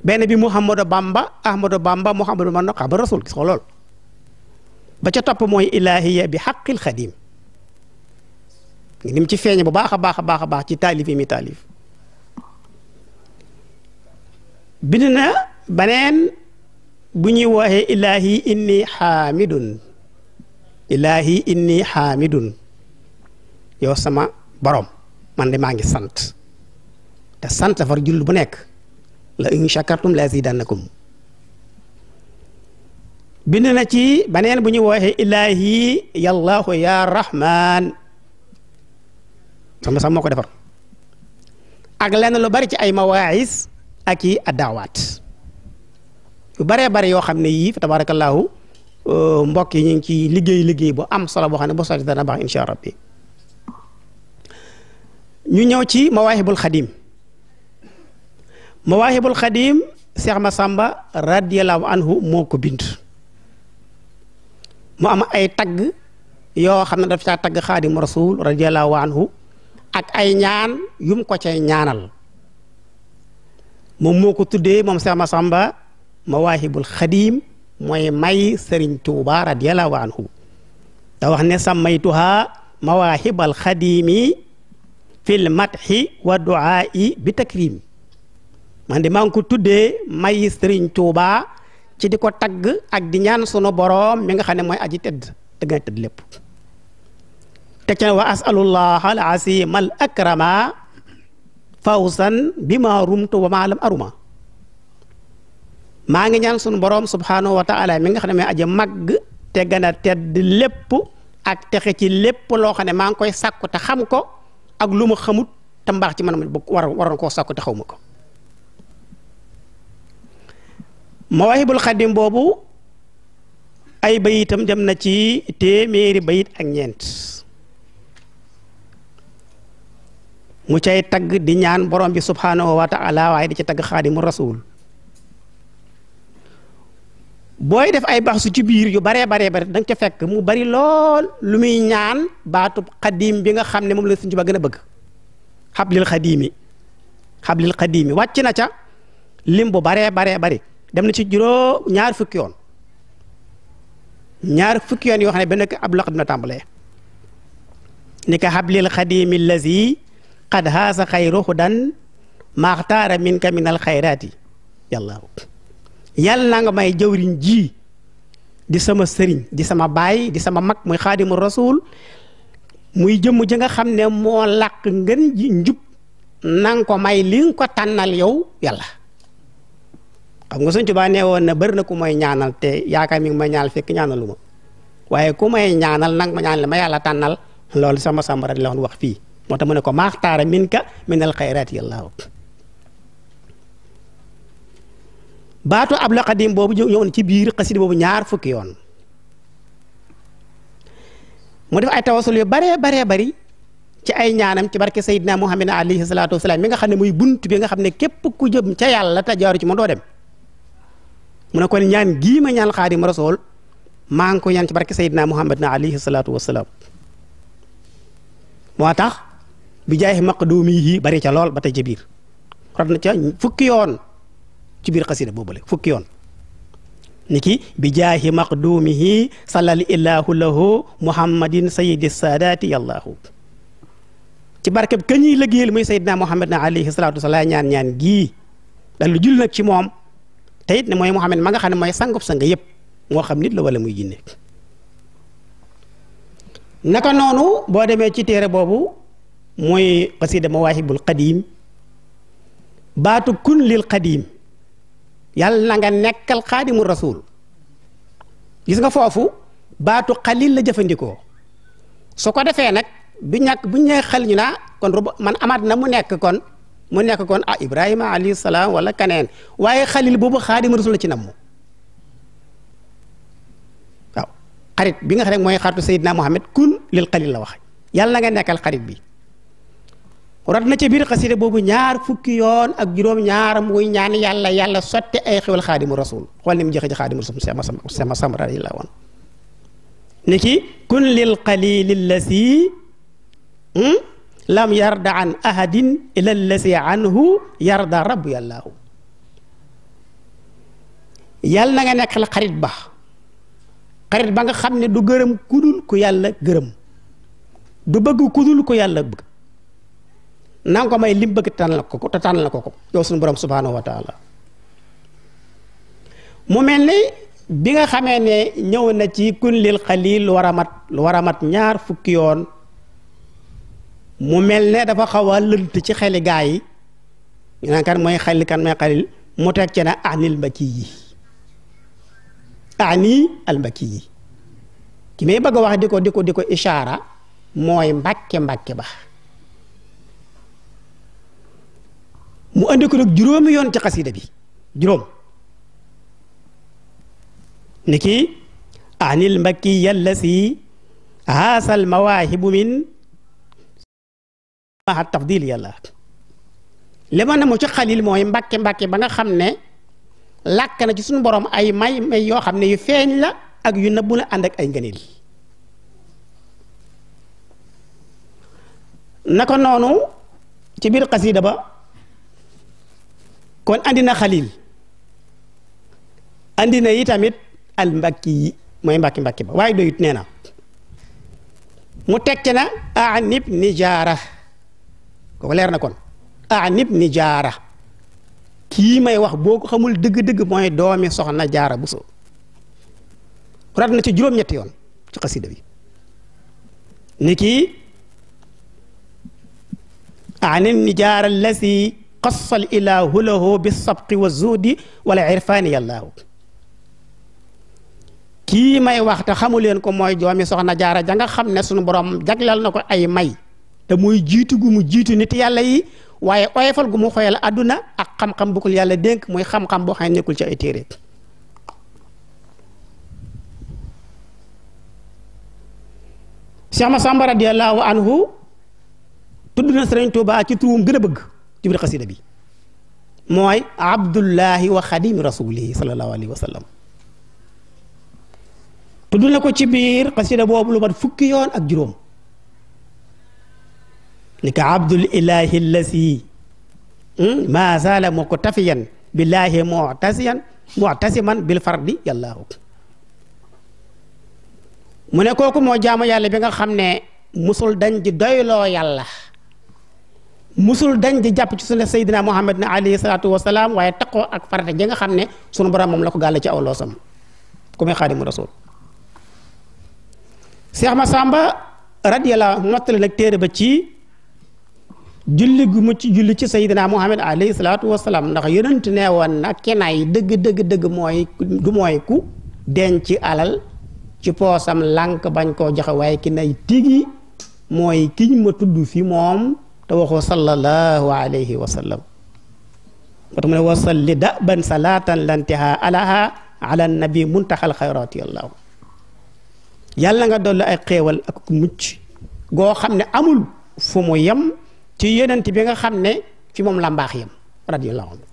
benn bi Muhammadu Bamba Ahmadu Bamba Muhammadu man xaaba rasul gis nga loolu ba ca topp mooy ilaahiya bi xaqil xadim ni mu ci feeñe bu baax a baax a baax a baax ci taalif yi mi taalif bind na beneen bu ñuy waxee ilaahi inni xaamidun ilaahi inni xaamidun yow sama boroom man de maa ngi sant te sant far jullu bu nekk la in shakartum la azidannakum bind na ci baneen bu ñu wooxee ilaahi yallaahu ya rahman sama sama moo ko defar ak lenn lu bari ci ay mawaayis ak adaawaat yu baree bari yoo xam ne yii fa tabaarakallaahu uh, mbokk yi ñu ngi ci liggéey liggéey bu am solo boo xam ne bu sotti dana baax incha rabbi ñu ñëw ci mawaahibul xadim mawaahibul xadim Cheikh Massamba radiyallahu anhu moo ko bind mu am ay tagg yoo xam ne daf caa tagg xaadim rasul radiyallahu anhu ak ay ñaan yum ko cay ñaanal moom moo ko tuddee moom ma Massamba mawaahibul xadim mooy may Serigne Touba radiyallahu anhu da wax ne sàmmaytuha mawaahibal xadimi fil madhi wa du'aa'i bi takrim man di maa ngi ko tudde may Sëriñ ci di ko tagg ak di ñaan sunu boroom mi nga xam ne mooy aji tëdd dëgg tëdd lépp teg wa asalullah al asim akrama fawsan bima rumtu wa ma aruma maa ngi ñaan sunu boroom subhanahu wa taala mi nga xam mooy aji màgg te lépp ak texe ci lépp loo ne maa ngi koy sàkku te xam ko ak lu ma xamut te mbaax ci man ma war waroon koo sàkku te xaw ma ko mawaahibul xadim boobu ay bayitam dem na ci téeméeri bayit ak ñeent mu cay tagg di ñaan borom bi subhanahu wa taala waaye di ci tagg xaadimu rasul booy def ay baxsu ci biir yu baree baree bare da ca fekk mu bari lool lu muy ñaan baatu xadiim bi nga xam ne moom la suñu ba gën a bëgg xablil xadiimi xablil xadiimi wàcc na ca lim bu baree baree bari dem na ci juróom ñaar fukki yoon ñaar fukki yoon yoo xam ne benn ab loxo ni ka xablil xadiimi lazi qad haasa xayru hudan maxtaara minka minal xayraati yàlla yàlla na nga may jawriñ jii di sama sëriñ di sama baay di sama mag muy xaadimu rasuul muy jëmm ji nga xam ne moo làq ngën ji njub na nga ko may lii nga ko tànnal yow yàlla xam nga Sëñ Tuubaa nee woon na bari na ku mooy ñaanal te yaakaar mi ngi may ñaanal fekk ñaanalu ma waaye ku may ñaanal nang ma ñaanal ma yàlla tànnal loolu sama sàmbara di la wax fii moo tax mu ne ko maaxtaara min ka minal xayraati yàlla baato baatu abla xadim boobu ñëwoon ci biir xasida boobu ñaar fukki yoon mu def ay tawasul yu baree baree bari ci ay ñaanam ci barke Seydina Muhammad alayhi salaatu wasalaam mi nga xam ne bunt bi nga xam ne képp ku jëm ca yàlla te jaaru ci mu doo dem kon ñaan gii ma ñaan xaadim rasool maa ngi ko ñaan ci barke Seydina Muhammad alayhi salaatu wasalaam moo tax bi jaay maqdumihi bari ca lool ba tey ca biir rot ca fukki yoon ci biir boobu boobule fukki yoon niki bi jaahi maqdumihi salal ilaahu lahu muhammadin sayidi saadaati yallaahu ci barkeb ka ñuy liggéeyal muy sayidina muhammad na alayhi salaatu wasalaam ñaan ñaan gi dal lu ci moom te it ne mooy muhammad ma nga xam ne mooy sangub sanga yëpp moo xam nit la mu muy jinne naka noonu boo demee ci téere boobu mooy xasida mawaahibul qadiim baatu kun lil yàlla na nga nekkal xaadimu rasul gis nga foofu baatu xalil la jëfandikoo su ko defee nag bi ñàkk bu ñëwee xel ñu naa kon man amaat na mu nekk kon mu nekk kon ah Ibrahima alayhi salaam wala kaneen waaye xalil boobu xaadimu rasul la ci namm waaw xarit bi nga xam ne mooy xaritu Seydina Muhammad kun lil xalil la wax yàlla na nga nekkal xarit bi. rat na ca biir xasida boobu ñaar fukki yoon ak juróom-ñaar muy ñaan yàlla yàlla sotti ay xewal xaadimu rasul xool ni mu jeexe xaadimu rasul sema sam sema sam radi la woon ni ki kun lil qalili lasi hmm, lam yarda an ahadin ila lasi anhu yarda rabbu yàllaahu yàlla na nga nekkal xarit ba xarit ba nga xam ne du gërëm kudul ku yàlla gërëm du bëgg kudul ku yàlla bëgg na nga ko may lim bëgg tànn la ko ko te tànn la ko ko yow suñu borom subhaanahu wa mu mel ni bi nga xamee ne ñëw na ci kun lil xalil lu war a mat ñaar fukki yoon mu mel ne dafa xaw a lënt ci xeli gaa yi ñu naan kan mooy xalil kan mooy xalil mu teg ci ne anil mbakki yi ani al mbakki yi ki may bëgg a wax di ko di ko ishaara mooy mbàkke mbàkke ba mu andi ko nag yoon ci xasida bi juróom ni ki anil mbakki yàlla si haasal mawaahibu min maa tafdil yàlla li ma ne mu ci xalil mooy mbàkke ba nga xam ne làkk na ci suñu boroom ay may may yoo xam ne yu feeñ la ak yu nëbbu la ànd ak ay ngëneel naka noonu ci biir xasida ba kon andi na xalil andi na yi tamit al mbakki mooy mbakki mbakki ba waaye doyut nee na mu tekki na anib ni jaara kooku leer na kon anib ni jaara kii may wax boo ko xamul dëgg-dëgg mooy doomi soxna jaara buso rat na ci juróom-ñetti yoon ci xasida bi ni kii anib ni jaara lasi xassal ilaahu lahu bi sabqi wa zuudi wala irfaani yàllaahu kii may wax te leen ko mooy joomi soxna jaara ja nga xam ne suñu borom jaglal na ko ay may te muy jiitu gu mu jiitu nit yàlla yi waaye oyofal gu mu xoyal àdduna ak xam-xam bu yàlla dénk muy xam-xam boo xam nekkul ci ay téere Cheikh Massamba radiyallahu anhu tudd na Sëriñ Tuubaa ci turum gën a bëgg ci biir xasida bi mooy abdullahi wa xadimi rasulihi sallallahu alayhi wa sallam tudd na ko ci biir xasida boobu lu mat fukki yoon ak juróom ni ka abdul ilahi lasi hmm, ma zala moo ko tafiyan billahi mutasiyan mu ne kooku moo jaamu yàlla bi nga xam ne musul dañ doyloo yàlla musul deñ di jàpp ci sunna Seydina Muhammad ne alayhi salaatu wa waaye taqoo ak farata ji nga xam ne sunu borom moom la ko gàll ci aw loosam ku muy xaadimu rasul Seex Masamba radiyallahu mottali nag téere ba ci julli gu mu ci julli ci Seydina Muhammad alayhi salaatu wa salaam ndax yonent nee woon na kenaay dëgg dëgg dëgg mooy du mooy ku denc ci alal ci poosam lànk bañ koo joxe waaye ki nay tigi mooy kiñ ma tudd fi moom. te waxoo sallallahu alayhi wa moo tax mu ne wa salli da ban salaatan lantiha alaha ala nabi muntaxal xayraati yàllaahu yàlla nga dolli ay xéewal ak mucc goo xam ne amul fu mu yem ci yonent bi nga xam ne fi moom la mbaax yem radiyallahu anhu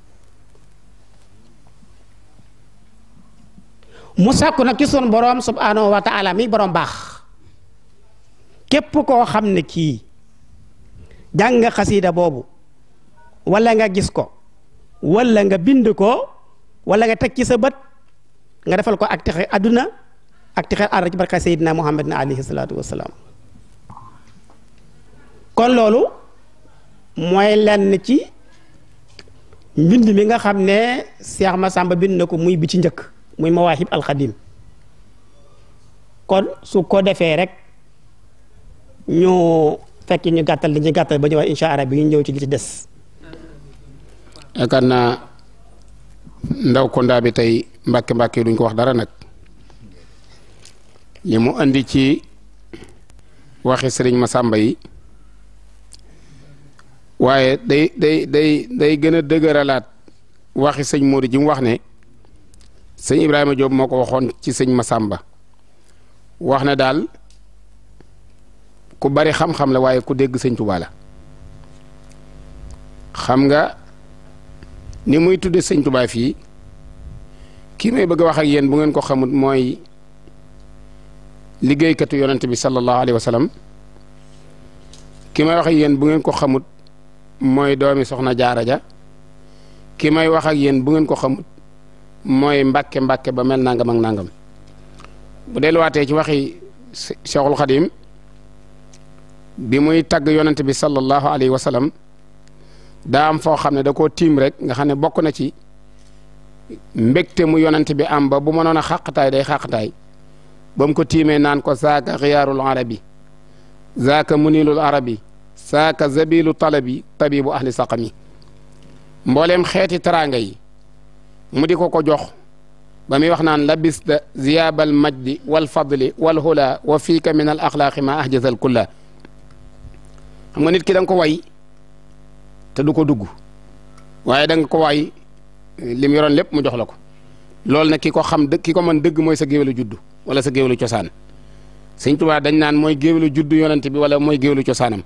mu sàkku nag ci sun boroom subhanahu wa taala boroom baax képp koo xam ne kii jàng nga xasiida boobu wala nga gis ko wala nga bind ko wala nga teg ci sa bët nga defal ko ak texe àdduna ak texe àll ci barka Seydina Muhammad na alayhi salaatu wassalaam kon loolu mooy lenn ci mbind mi nga xam ne Cheikh Massamba bind na ko muy bi ci njëkk muy Mawahib al-Khadim kon su ko defee rek ñu. fekk ñu gàttal li ci gàttal ba ñu wax incha allah bi ñu ñëw ci ci des. yaakaar naa ndaw kondaa bi tey mbàkke mbàkke yi duñ ko wax dara nag li mu indi ci waxi sëriñ ma sàmba yi waaye day day day day gën a dëgëralaat waxi sëñ Modou jim wax ne sëñ Ibrahima Diop moo ko waxoon ci sëñ ma sàmba wax na daal. ku bari xam-xam la waaye ku dégg sëñ Tuubaa la xam nga ni muy tudde sëñtubaa fii kii may bëgg a wax ak yéen bu ngeen ko xamut mooy liggéeykatu yonent bi sallallahu ki may wax yéen bu ngeen ko xamut mooy doomi soxna jaara ja kii may wax ak yéen bu ngeen ko xamut mooy mbàkke mbàkke ba mel nangam ak nangam bu delluwaatee ci waxi Cheikhul Khadim bi muy tagg yonent bi sallallahu alayhi wa sallam am foo xam ne da koo tiim rek nga xam ne bokk na ci mbégte mu yonent bi am ba bu mënoon a xàqtaay day xàqtaay ba mu ko tiimee naan ko saaka xiyaarul arabi zaaka munilul arabi saaka zabilu talabi tabibu ahli saqami mbooleem xeeti taraanga yi mu di ko ko jox ba muy wax naan labista ziyabal majdi wal fadli wal hula wa fiika min al axlaaqi ma ahjazal kulla xam nga nit ki danga ko way te du ko dugg waaye da nga ko way eh, lim yoroon lépp mu jox la ko loolu nag ki ko xam dëgg ki ko man dëgg mooy sa géwélu juddu wala sa géwélu cosaan sëñ Tuubaa dañ naan mooy géwélu juddu yonent bi wala mooy géwélu cosaanam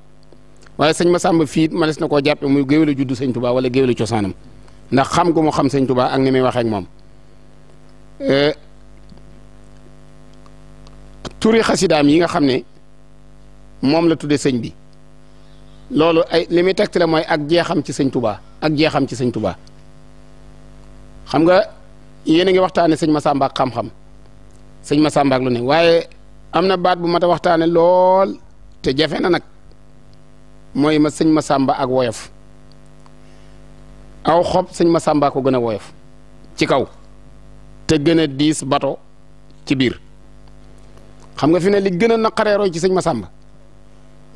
waaye sëñ Masamba fii mënees na koo jàppe muy géwélu juddu sëñ Tuubaa wala géwélu cosaanam ndax xam gu mu xam sëñ Tuubaa ak ni muy waxee moom eh, turi xasidaam yi nga xam ne moom la tuddee sëñ bi loolu ay li muy tegtale mooy ak jeexam ci sëñ tubaa ak jeexam ci sëñ tubaa xam nga yéen a ngi waxtaane sëñ Masamba ak xam-xam sëñ Masamba ak lu ne waaye am na baat bu mat a waxtaane lool te jafe na nag mooy ma sëñ ma sàmba ak woyof aw xob sëñ Masamba ko gën a woyof ci kaw te gën a diis bato ci biir xam nga fi ne li gën a naqaree ci sëñ ma Masamba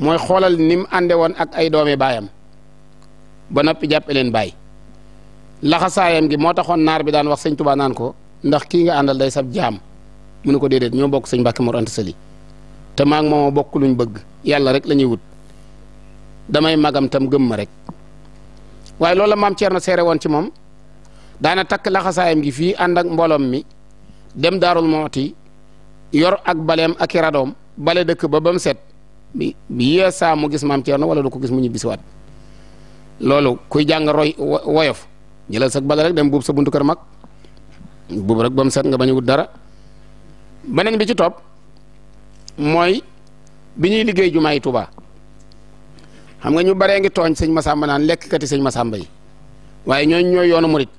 mooy xoolal ni mu ànde woon ak ay doome baayam ba noppi jàppe leen baay laxasaayam gi moo taxoon naar bi daan wax sëñ Tuubaa naan ko ndax kii nga àndal day sab jaam mu ne ko déedéet ñoo bokk sëñ Mbàkke Mor Anta Sali te maa ngi bokk luñ bëgg yàlla rek lañuy wut damay magam tam gëmma rek waaye loolu la maam Thierno seere woon ci moom daana takk laxasaayam gi fii ànd ak mbooloom mi dem daarul mooti yor ak baleem ak i radoom bale dëkk ba ba mu set bi bi mu gis maam na wala du ko gis mu ñu bisiwaat loolu kuy jàng roy woyof jëlal sa bala rek dem buub sa buntu kër mag buub rek ba set nga bañ a wut dara beneen bi ci topp mooy bi ñuy liggéey jumaa yi Tuubaa xam nga ñu baree ngi tooñ sëñ Masamba naan lekk lekkati ma Masamba yi waaye ñooñu ñooy yoonu murit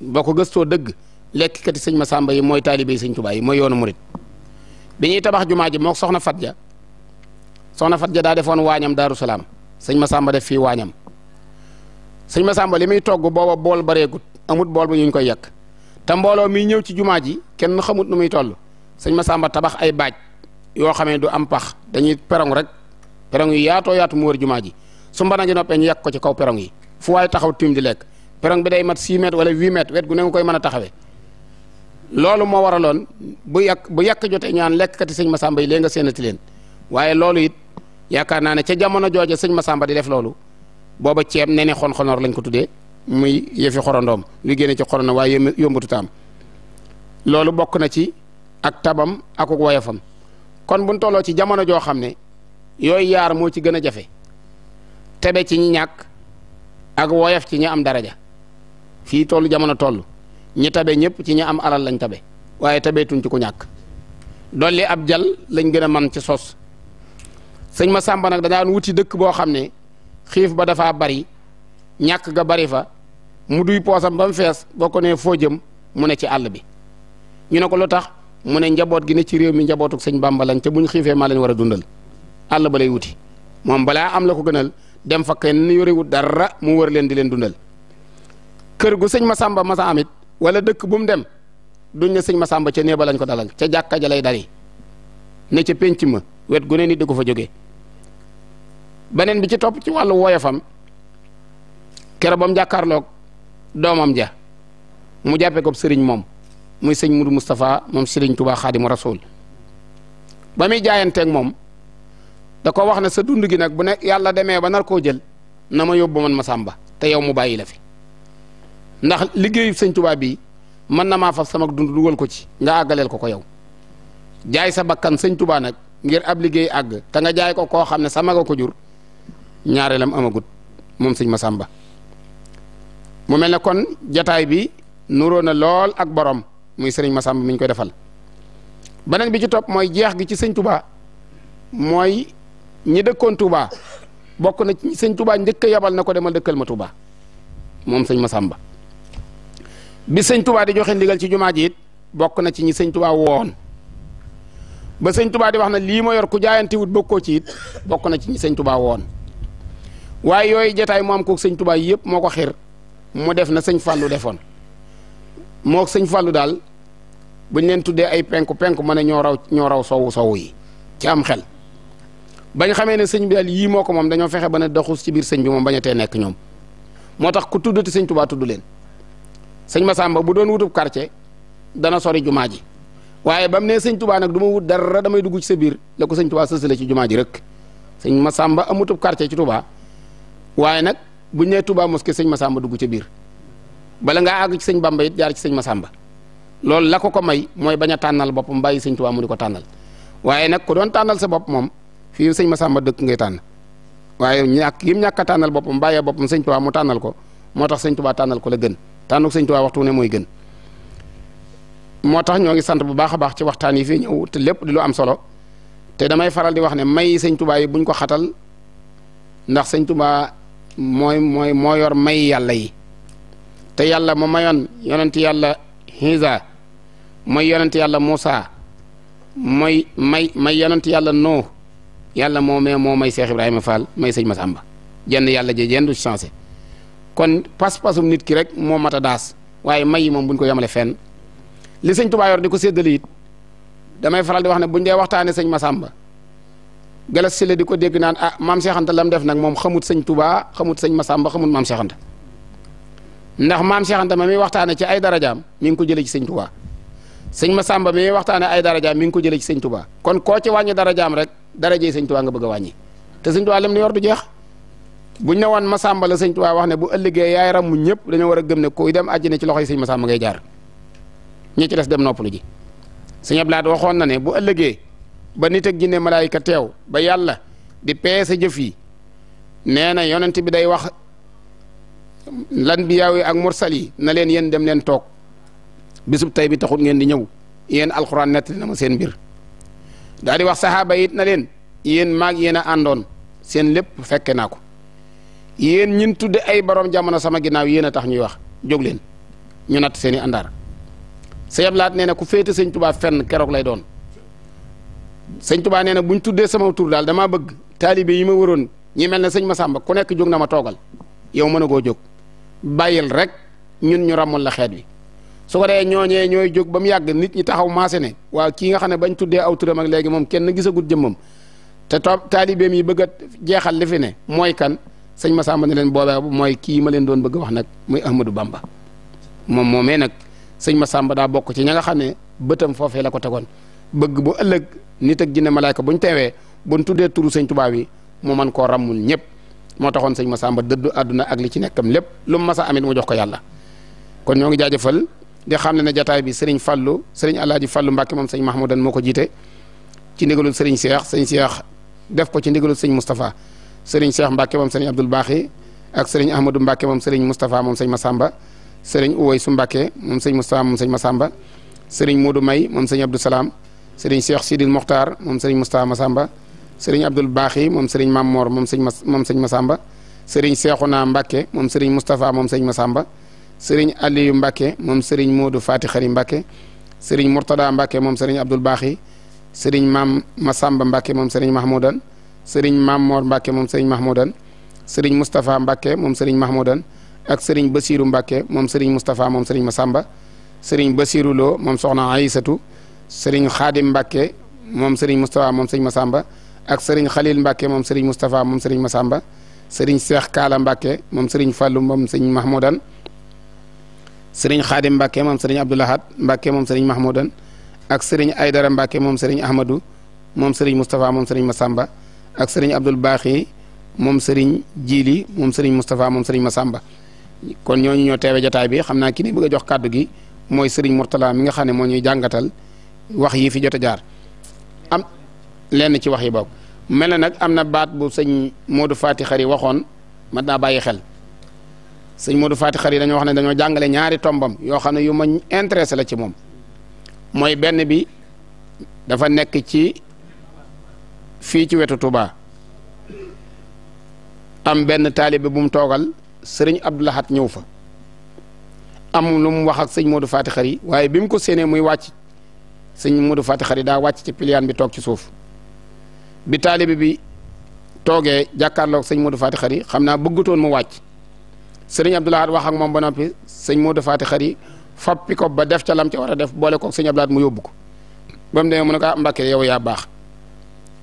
boo ko gëstoo dëgg lekkati sëñ Masamba yi mooy taalibe sëñ Tuubaa yi mooy yoonu murit bi ñuy tabax jumaa ji moo soxna Fatja. soxna fat ja daa defoon waañam daaru salaam ma sàmba def fii waañam sëñ Masamba li muy togg booba bool bareegut amut bool bu ñu koy yekk te mbooloo miy ñëw ci jumaa ji kenn xamut nu muy toll sëñ sàmba tabax ay baaj yoo xamee du am pax dañuy perong rek perong yu yaatoo yaatu mu wër jumaa ji su mbana gi noppee ñu yekk ko ci kaw perong yi fu waay taxaw tim di lekk perong bi day mat 6 mètres wala 8 mètres wet gu ne koy mën a taxawee loolu moo waraloon bu yàq bu yàq jotee ñaan lekkkati sëñ Masamba yi léegi nga séenati leen waaye loolu it yaakaar naa ne ca jamono jooja sëñ ma Masamba di def loolu booba ceeb nee ne xon xonoor lañ ko tuddee muy yëfi xorondoom lu génne ci xorono waaye yombatu taam loolu bokk na ci ak tabam ak kon buñ tolloo ci jamono joo xam ne yooyu yaar moo ci gën a jafe tebe ci ñi ñàkk ak woyof ci ñi am daraja fii tollu jamono toll ñi tabe ñëpp ci ñi am alal lañ tabe waaye tabeetuñ ci ku ñàkk dolli ab jal lañ gën a man ci sos sëñ ma sàmba nag da daan wuti dëkk boo xam ne xiif ba dafa bari ñàkk ga bari fa mu duy poosam ba mu fees boo ko nee foo jëm mu ne ci àll bi ñu ne ko lu tax mu ne njaboot gi ne ci réew mi njabootuk sëñ bàmba lañ te bu ñu xiifee maa lañ war a dundal àll ba lay wuti moom balaa am la ko gënal dem fa kenn yorewut dara mu wër leen di leen dundal kër gu sëñ Masamba masa amit wala dëkk bu mu dem duñ ne sëñ Masamba ca néeba lañ ko dalal ca jàkka ja lay dali ne ca pénc ma wet gu ne nit da ko fa jógee beneen bi ci topp ci wàllu woyofam kero ba mu jàkkaarloog doomam ja mu jàppee ko sëriñ moom muy sëñ Mudu mustafaa moom sëriñ Tuubaa Xaadimu Rasuul ba muy jaayanteeg moom da ko wax ne sa dund gi nag bu ne yàlla demee ba nar koo jël na ma yóbbu man ma sàmba te yow mu bàyyi la fi ndax liggéeyu sëñ Tuubaa bi mën na maa faf sama dund dugal ko ci nga àggaleel ko ko yow jaay sa bakkan sëñ tubaa nag ngir ab liggéey àgg te nga jaay ko koo xam ne sa mag a ko jur ñaareelam amagut moom sëñ ma sàmba mu mel ne kon jataay bi nuroo na lool ak boroom muy sëriñ Masamba mi ñu koy defal beneen bi ci topp mooy jeex gi ci sëñ mooy ñi dëkkoon bokk na ci sëñ njëkk yabal na ko demal ma tubaa moom sëñ Masamba bi sëñ tubaa di joxe ndigal ci jumaa ji bokk na ci ñi sëñ tubaa woon ba sëñ tubaa di wax na lii moo yor ku jaayanti wut bokkoo ci it bokk na ci ñi sëñ tubaa woon waaye yooyu jataay mu am kook sëñ tubaa yëpp moo ko xir mu def na sëñ fàllu defoon moo sëñ fàllu daal buñ leen tuddee ay penku penku mën a ñoo raw raw sowu sowu yi ci am xel bañ xamee ne sëñ bi daal yii moo ko moom dañoo fexe ba ne doxu ci biir sëñ bi moom bañ te nekk ñoom moo tax ku tuddati sëñ tubaa tudd leen sëñ Masamba bu doon wutub karce dana sori jumaa ji waaye bam mu ne tubaa nag du ma wut dara damay dugg ci sa biir la ko sëñ tubaa sësale ci jumaa ji rek ma sàmba amutub quartier ci tubaa waaye nag buñ nee tubaa moské ma sàmba dugg ca biir bala ngaa àgg ci sëñ Bamba it jaar ci sëñ Masamba loolu la ko ko may mooy bañ a tànnal boppam bàyyi sëñ tubaa mu di ko tànnal waaye nag ko doon tànnal sa bopp moom fii sëñ Masamba dëkk ngay tànn waaye ñàkk yim ñàkk a tànnal boppam bàyyee boppam sëñ tubaa mu tànnal ko moo tax sëñ tubaa ko la gën tànnuk sëñ tubaa waxtu ne mooy gën moo tax ñoo ngi sant bu baax a baax ci waxtaan yi fii ñëw te lépp di lu am solo te damay faral di wax ne may sëñ tubaa yi buñ ko xatal ndax sëñ tubaa mooy mooy moo yor may yàlla yi te yàlla mu mayoon yonent yàlla Isa mooy yonent yàlla Muusa mooy may may yonent yàlla Nuux yàlla moo mee moo may Cheikh Ibrahima Fall may sëñ Masamba jenn yàlla ji jenn du changé kon pas-pasum nit ki rek moo mata a daas waaye may yi moom buñ ko yamale fenn li sëñ Tuubaa yor di ko séddale it damay faral di wax ne bu ñu dee waxtaanee sëñ Masamba Galas si le di ko dégg naan a ah, maam seexanta lam la def nag moom xamut sëñ tubaa xamut sëñ Masamba xamut maam Cheikh Anta ndax maam Cheikh ma muy waxtaanee ci ay darajaam mi ngi ko jëlee ci sëñ Tuubaa sëñ mi muy waxtaanee ay darajaam mi ngi ko jëlee ci sëñ kon koo ci wàññi darajaam rek darajee sëñ Tuubaa nga bëgg wàññi te sëñ Tuubaa lim ni yor du jeex. buñ ne ma Masamba la sëñ Tuubaa wax ne bu ëllëgee yaay ramu ñëpp dañoo war a gëm ne kuy dem àjjana ci loxoy sëñ Masamba ngay jaar ñi ci des dem noppalu ji sëñ Ablaat waxoon na ne bu ëllëgee ba nit ak jinne malaayika teew ba yàlla di peese jëf yi nee na yonent bi day wax lan bi yaaw yi ak mursal na leen yéen dem leen toog bisub tey bi taxul ngeen di ñëw yéen alxuraan nettali na ma seen mbir daal di wax saxaaba yi it na leen yéen maag yéen a àndoon seen lépp fekke naa ko yéen ñin tudde ay borom jamono sama ginnaaw yéen a tax ñuy wax jóg leen ñu natt seen i àndaar sa yablaat nee na ku féete sëñ tubaa fenn keroog lay doon sëñ tubaa nee na buñ tuddee sama tur daal damaa bëgg taalibe yi ma waroon ñi mel ne sëñ Masamba ku nekk jóg na ma toogal yow mën a koo jóg bàyyil rek ñun ñu ràmmul la xeet wi su ko dee ñooñee ñooy jóg ba mu yàgg nit ñi taxaw maase ne waaw kii nga xam ne bañ tuddee aw turam ak léegi moom kenn gisagut jëmmam te taalibeem yi bëgg a jeexal li ne mooy kan sëñ Masamba ne leen boobee mooy kii ma leen doon bëgg wax nag muy Ahmadou Bamba moom moomee nag sëñ ma Massamba daa bokk ci ña nga xam ne bëtam foofee la ko tegoon bëgg bu ëllëg nit ak jinne malaayka buñ teewee buñ tuddee turu sëñ Tuubaa yi mu man koo ràmmul ñëpp moo taxoon sëñ ma Massamba dëddu àdduna ak li ci nekkam lépp lu mu masa amit mu jox ko yàlla kon ñoo ngi jaajëfal di xam ne na jataay bi sëriñ Fallou sëriñ Alaaji Fallou Mbàkke moom sëñ Mahmoudan moo ko jiite ci ndigalul sëriñ Cheikh sëñ Cheikh def ko ci ndigalul sëñ Moustapha sëriñ Cheikh Mbàkke moom sëriñ Abdoul Baaxi ak sëriñ Ahmadou Mbàkke moom sëriñ Moustapha moom sëñ Massamba sëriñ Uwaysu Mbàkke moom sëñ Moustapha moom sëñ Masamba sëriñ Modou May moom sëñ Abdou Salaam sëriñ Cheikh Sidil Mokhtar moom sëriñ Moustapha Masamba sëriñ Abdoul Baaxi moom sëriñ Mamor moom sëñ Mas moom sëñ Masamba sëriñ Cheikhouna Mbàkke moom sëriñ Moustapha moom sëñ Masamba sëriñ Aliyu Mbàkke moom sëriñ Modou Fati Xari Mbàkke sëriñ Mourtada Mbàkke moom sëriñ Abdoul Baaxi sëriñ Maam Masamba Mbàkke moom sëriñ Mahmoudan sëriñ Mamor Mbàkke moom sëriñ Mahmoudan sëriñ Moustapha Mbàkke moom sëriñ Mahmoudan ak sëriñ Basiiru Mbàkke moom sëriñ Moustapha moom sëriñ Masamba sëriñ Basiiru Lo moom soxna Aysatu sëriñ Xaadim Mbàkke moom sëriñ Moustapha moom sëriñ Masamba ak sëriñ Xalil Mbàkke moom sëriñ Moustapha moom sëriñ Masamba sëriñ Seex Kaala Mbàkke moom sëriñ Fàllu moom sëriñ Mahmoudan sëriñ Xaadim Mbàkke moom sëriñ Abdoulahad Mbàkke moom sëriñ Mahmoudan ak sëriñ Aydara Mbàkke moom sëriñ Ahmadou moom sëriñ Moustapha moom sëriñ Masamba ak sëriñ Abdoul Baaxi moom sëriñ Jiili moom sëriñ Moustapha moom sëriñ Masamba kon ñooñu ñoo teewe jataay bi xam naa ki ni bëgg a jox kàddu gi mooy sëriñ Mourtala mi nga xam ne moo ñuy jàngatal wax yi fi jot a jaar am lenn ci wax yi bokk mel na nag am na baat bu sëñ Modou Fati Xari waxoon mat daa bàyyi xel sëñ Modou Fati Xari dañoo wax ne dañoo jàngale ñaari tombam yoo xam ne yu ma intéressé la ci moom mooy benn bi dafa nekk ci fii ci wetu Touba am benn taalibe bu mu toogal sëriñ Abdou Lahad ñëw fa am lu mu wax ak sëñ Modou Fati Xari waaye bi mu ko séenee muy wàcc sëñ Modou Fati Xari daa wàcc ci piliyaan bi toog ci suuf bi taalibe bi toogee jàkkaarloog sëñ Modou Fati Xari xam naa bëggutoon mu wàcc sëriñ Abdou Lahad wax ak moom ba noppi sëñ Modou Fati Xari fappi ko ba def ca lam ca war a def boole koog sëñ Abdou mu yóbbu ko ba mu demee mu ne ko ah Mbàkke yaa baax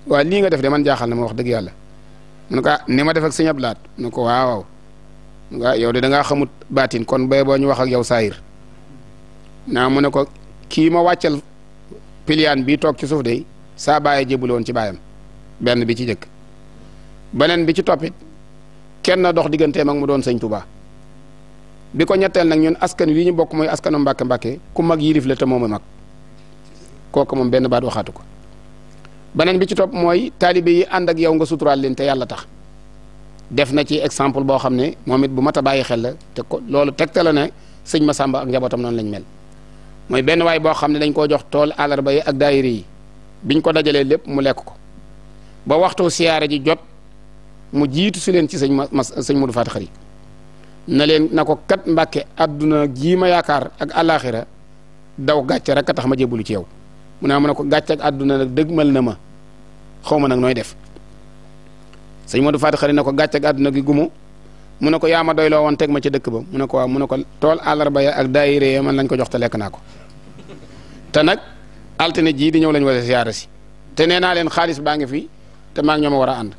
waaye lii nga def de man jaaxal na ma wax dëgg yàlla mu ah, ma def sëñ Abdou waaw yow de da ngaa xamut baatin kon bay boo ñu wax ak yow saayir naa mu ne ko kii ma wàccel piliyaan bi toog ci suuf de saa bàyyi jébul woon ci baayam benn bi ci njëkk beneen bi ci toppit kenn dox diggantee mag mu doon sëñ Tuubaa bi ko ñetteel nag ñun askan wi ñu bokk mooy askanu Mbàkke Mbàkke ku mag yilif la te moom a mag kooku moom benn baat waxaatu ko beneen bi ci topp mooy taalibe yi ànd ak yow nga suturaal leen te yàlla tax def na ci exemple boo xam ne moom it bu mat a bàyyi xel la te ko loolu tegte la ne sëñ Masamba ak njabootam noonu lañ mel mooy benn waay boo xam ne dañ koo jox tool àllarba yi ak daayira yi biñ ko dajalee lépp mu lekk ko ba waxtu siyaare ji jot mu jiitu si leen ci sëñ ma sëñ Modou Faty Khary na leen na ko kat mbàkke àdduna jii ma yaakaar ak àllaaxira daw gàcce rek a tax ma jébbalu ci yow mu ne ah mu ne ko gàcce ak àdduna nag dëgmal na ma xaw ma nag nooy def. sëñ Modou Faty Khary na ko gàcce ak àdduna gi gumu mu ne ko yaa ma doyloo woon teg ma ci dëkk ba mu ne ko waaw mu ne ko tool àllarba ya ak daayire ya man lañ ko jox te lekk naa ko te nag altine jii di ñëw lañ war a siyaare si te nee naa leen xaalis baa ngi fii te maa ngi ñoom a war a ànd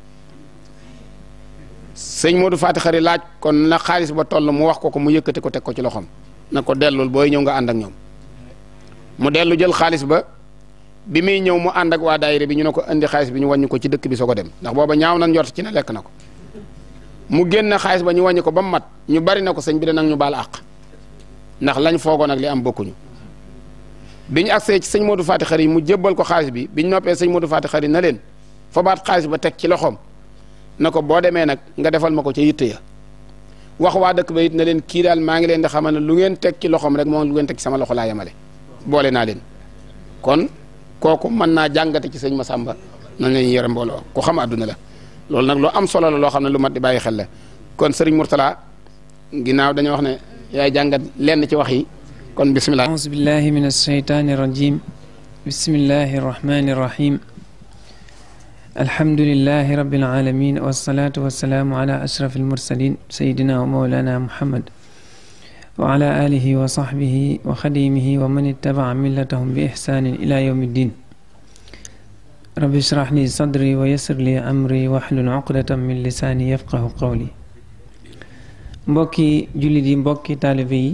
sëñ Modou Faty Khary laaj kon na xaalis ba toll mu wax ko ko mu yëkkati ko teg ko ci loxoom na ko dellul booy ñëw nga ànd ak ñoom mu dellu jël xaalis ba. bi muy ñëw mu ànd ak waa daayira bi ñu ne ko indi xaalis bi ñu wàññi ko ci dëkk bi soo ko dem ndax booba ñaaw ci ne lekk na ko mu génn xaalis ba ñu wàññi ko ba mu mat ñu bari na ko sëñ bi da nag ñu baal àq ndax lañ foogoon ak li am bokkuñu bi ñu agsee ci sëñ Modou Fati Xari mu jëbbal ko xaalis bi bi ñu noppee sëñ Modou Fati Xari na leen fobaat xaalis ba teg ci loxoom na ko boo demee nag nga defal ma ko ca yitte ya wax waa dëkk ba yit na leen kii daal maa ngi leen di xamal ne lu ngeen teg ci loxoom rek moom lu ngeen teg ci sama loxo laa boole naa leen kooku mën naa jàngate ci sëñ Masamba nan la ñuy yore mbooloo ku xam àdduna la loolu nag loo am solo la loo xam ne lu mat di bàyyi xel la kon sëriñ Mourtala ginnaaw dañoo wax ne yaay jàngat lenn ci wax yi kon bisimilah. auzu billahi min asheytaani rajim bismillahi rahmani rahim alhamdulilahi alamin wasalaatu wasalaamu ala ashraf almursalin sayidina wa maulana muhammad wa ala alihi wa saxbihi wa xadimihi wa man ittabaa millatahum bi ixsaanin ila yowmi ddin rabbi shrah li sadri wa yassir li amri wahlul uqdatam min lisaani yafqahu qawli mbokki jullit yi mbokki taalibe yi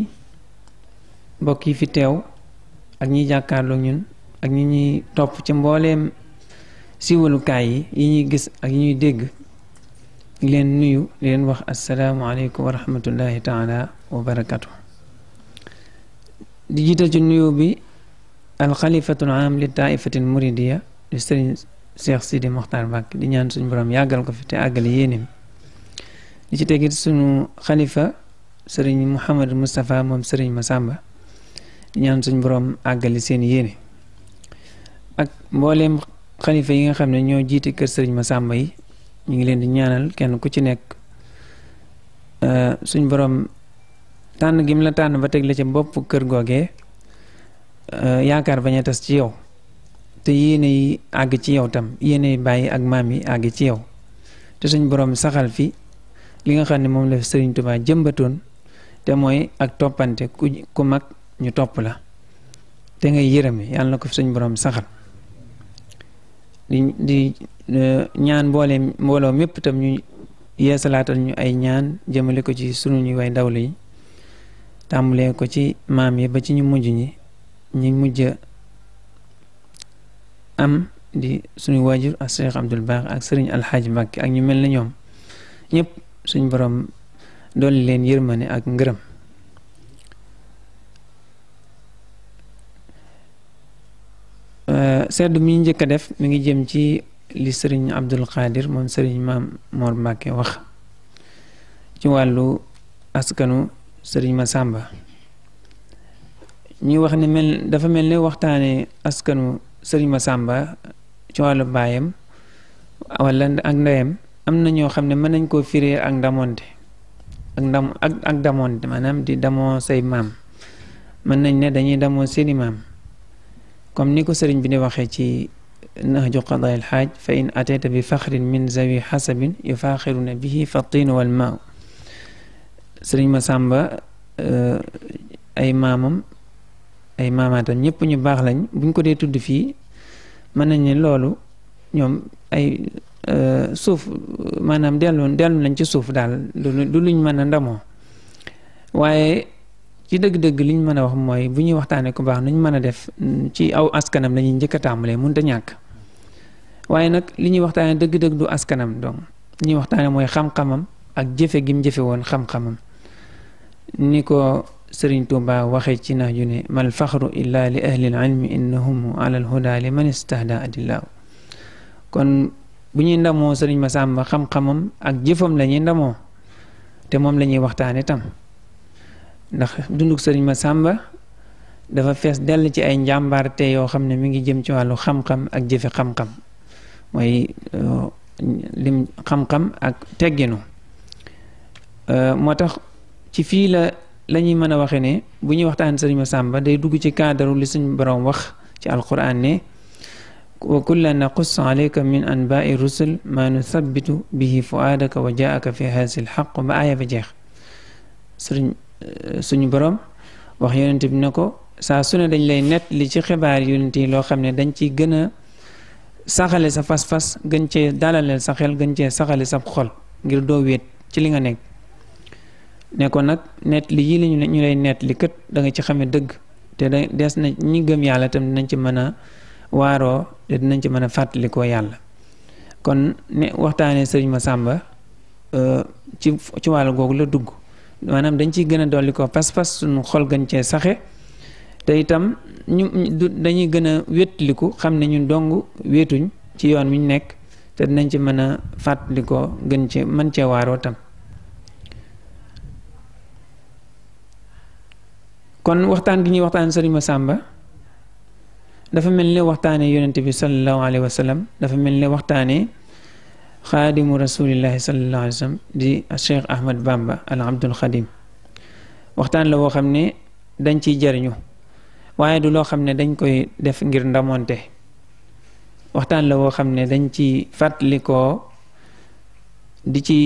mbokki fi teew ak ñi jàkkaarloo ñun ak ñi ñuy topp ci mbooleem siiwalukaay yi yi ñuy gis ak yi ñuy dégg leen nuyu leen wax assalaamu aleykum wa rahmatullahi taala wa barakatu di jiital ci nuyoo bi alxalifatul am li taifatil muridiya di sëriñ Cheikh Sidi Moxtaar Mbàkke di ñaan suñ borom yàggal ko fi te àggale yéenim di ci tegit suñu xalifa sëriñ Mouhamadou Moustapha moom sëriñ Masamba di ñaan suñu borom àggale seen yéene ak mbooleem xalifa yi nga xam ne ñoo jiite kër sëriñ sàmba yi ñu ngi leen di ñaanal kenn ku ci nekk euh, suñ borom tànn gim la tànn ba teg la ci bopp kër googee euh, yaakaar bañ a tas ci yow te yéene yi àgg ci yow tam yéene yi bàyyi ak maam yi àgg ci yow te suñ borom saxal fi li nga xam ne moom la Sëriñ Tuubaa jëmbatoon te mooy ak toppante ku mag ñu topp la te ngay yërëme yàlla na ko fi suñ boroom saxal di ñaan mboole mbooloo mépp tam ñu yeesalaatal ñu ay ñaan jëmale ko ci sunu ñuy way dawlu yi tàmbulee ko ci maam yi ba ci ñu mujj ñi ñi mujj am di suñu waajur ak Abdul Baax ak sëriñ Alxaaj Mbàkke ak ñu mel ne ñoom ñëpp suñ boroom doo leen yërmane ak ngërëm euh, sedd mi njëkk a def mi ngi jëm ci li sëriñ Abdul Xaadir moom sëriñ maam Mor Mbàkke wax ci wàllu askanu sëriñ Masamba ñuy wax ne mel dafa mel ni waxtaane askanu sëriñ ma sàmba ci wàllu baayam wala ak ndeyam am na ñoo xam ne mën nañ koo firee ak ndamonte ak ndam ak di damoo say maam mën nañ ne dañuy damoo seeni maam comme ni ko sëriñ bi di waxee ci nahju qadaa'il haaj fa in atayta bi faxrin min zawi xasabin yufaaxiruna bihi fa tiinu wal sëriñ Masamba euh, ay maamam ay maamaatam ñëpp ñu baax lañ buñ ko dee tudd fii mën nañ ne loolu ñoom ay euh, suuf maanaam dellu dellu lañ ci suuf daal du luñ mën a ndamoo waaye ci dëgg-dëgg liñ mën a wax mooy bu ñuy waxtaanee ku baax nuñ mën a def mm, ci aw askanam lañuy njëkk a tàmbalee mënut a ñàkk waaye nag li ñuy waxtaanee dëgg-dëgg du askanam donc li ñuy waxtaanee mooy xam-xamam ak jëfe gi jëfe woon xam-xamam. ni ko sëriñ Tuuba waxee ci nax ju ne mal faxru illaa li ahlil ilmi innahum ala alhuda li man istahda adillaahu kon bu ñuy ndamoo sëriñ Masamba xam-xamam ak jëfam la ñuy ndamoo te moom la ñuy waxtaane tam ndax dunduk sëriñ ma Masamba dafa fees dell ci ay njàmbaarte yoo xam ne mi ngi jëm ci wàllu xam-xam ak jëfe xam-xam mooy euh, lim xam-xam ak tegginu euh, moo tax ci fii la lañuy mën a waxee ne bu ñuy waxtaan ma sàmba day dugg ci cadre li suñ borom wax ci alquran ne wa kullan naqussu alayka min anbaai rusul ma nuthabitu bihi fuaadaka wa jaaka fi haasi lxaq ba aaya ba jeex sëriñ euh, suñu borom wax yonent bi ne ko saa sune dañ lay net li ci xibaar yonent yi loo xam ne dañ ciy gën a saxale sa fas-fas gën cee dalaleel sa xel gën cee saxale sab xol ngir doo wéet ci li nga nekk ne ko nag net li yii la ñu ñu lay net li kët da nga ci xame dëgg te da des na ñi gëm yàlla tam dinañ ci mën a waaroo te dinañ ci mën a fàttalikoo yàlla kon ne waxtaanee sëriñ Masamba euh, ci ci wàllu googu la dugg maanaam dañ ciy gën a dolli ko pas-pas suñu xol gën cee saxe te itam ñu dañuy gën a wétliku xam ne ñun dong wéetuñ ci yoon wi ñu nekk te dinañ ci mën a fàttalikoo gën ci mën cee waaroo tam kon waxtaan gi ñuy waxtaan sëriñ sàmba dafa mel ni waxtaane yonente bi sallallahu alayhi wa dafa mel ni waxtaane xaadimu rasulillahi sallallahu alayhi wa sallam di Cheikh Ahmad Bamba al abdul xadim waxtaan la woo xam ne dañ ciy jariñu waaye du loo xam ne dañ koy def ngir ndamonte waxtaan la woo xam ne dañ ci koo di ci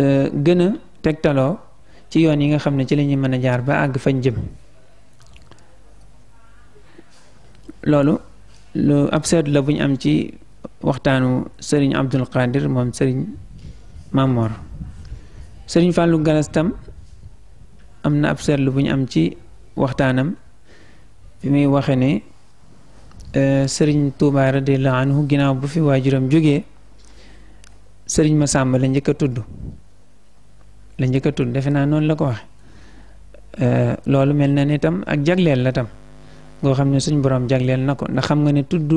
euh, gën a tegtaloo ci yoon yi nga xam ne ci lañuy mën a jaar ba àgg fañ jëm loolu lu ab seet la buñ am ci waxtaanu sëriñ Abdul Qadir moom sëriñ Mamor sëriñ fàllu Galas tam am na ab seetlu bu am ci waxtaanam bi muy waxe ne euh, sëriñ Touba radiyallahu anhu ginnaaw bu fi waajuram jóge sëriñ ma sàmba la njëkk a tudd la njëkk a tudd defe naa noonu la ko waxe euh, loolu mel na ni tam ak jagleel la tam ngoo xam ne suñ borom jagleel na ko ndax xam nga ne tudd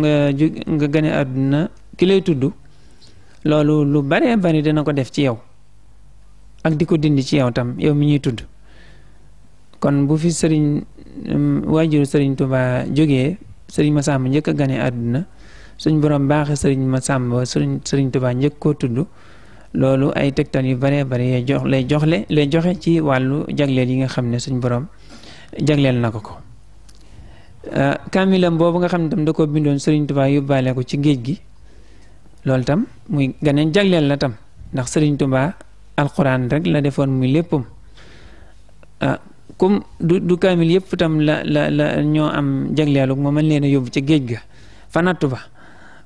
nga nga gane àdduna ki lay tudd loolu lu baree bari dina ko def ci yow ak di ko dindi ci yow tam yow mi ñuy tudd kon bu fi sëriñ um, waajuru sëriñ Tuubaa jógee sëriñ Masamba njëkk a gane àdduna suñ borom baaxe sëriñ Masamba sëriñ sëriñ Tuubaa njëkk koo tudd loolu ay tegtal yu bare bare yay jox lay joxle lay joxe ci wàllu jagleel yi nga xam ne suñ boroom jagleel na ko ko euh, kaamilam boobu nga xam ne tam da koo bindoon Sëriñ Tuubaa yóbbaale ko ci géej gi loolu tam muy ganeen jagleel la tam ndax Sëriñ Tuubaa alxuraan rek la defoon muy léppam euh, comme du du kaamil yëpp tam la la la ñoo am jagleelu moo mën leen yóbbu ca géej ga fa ba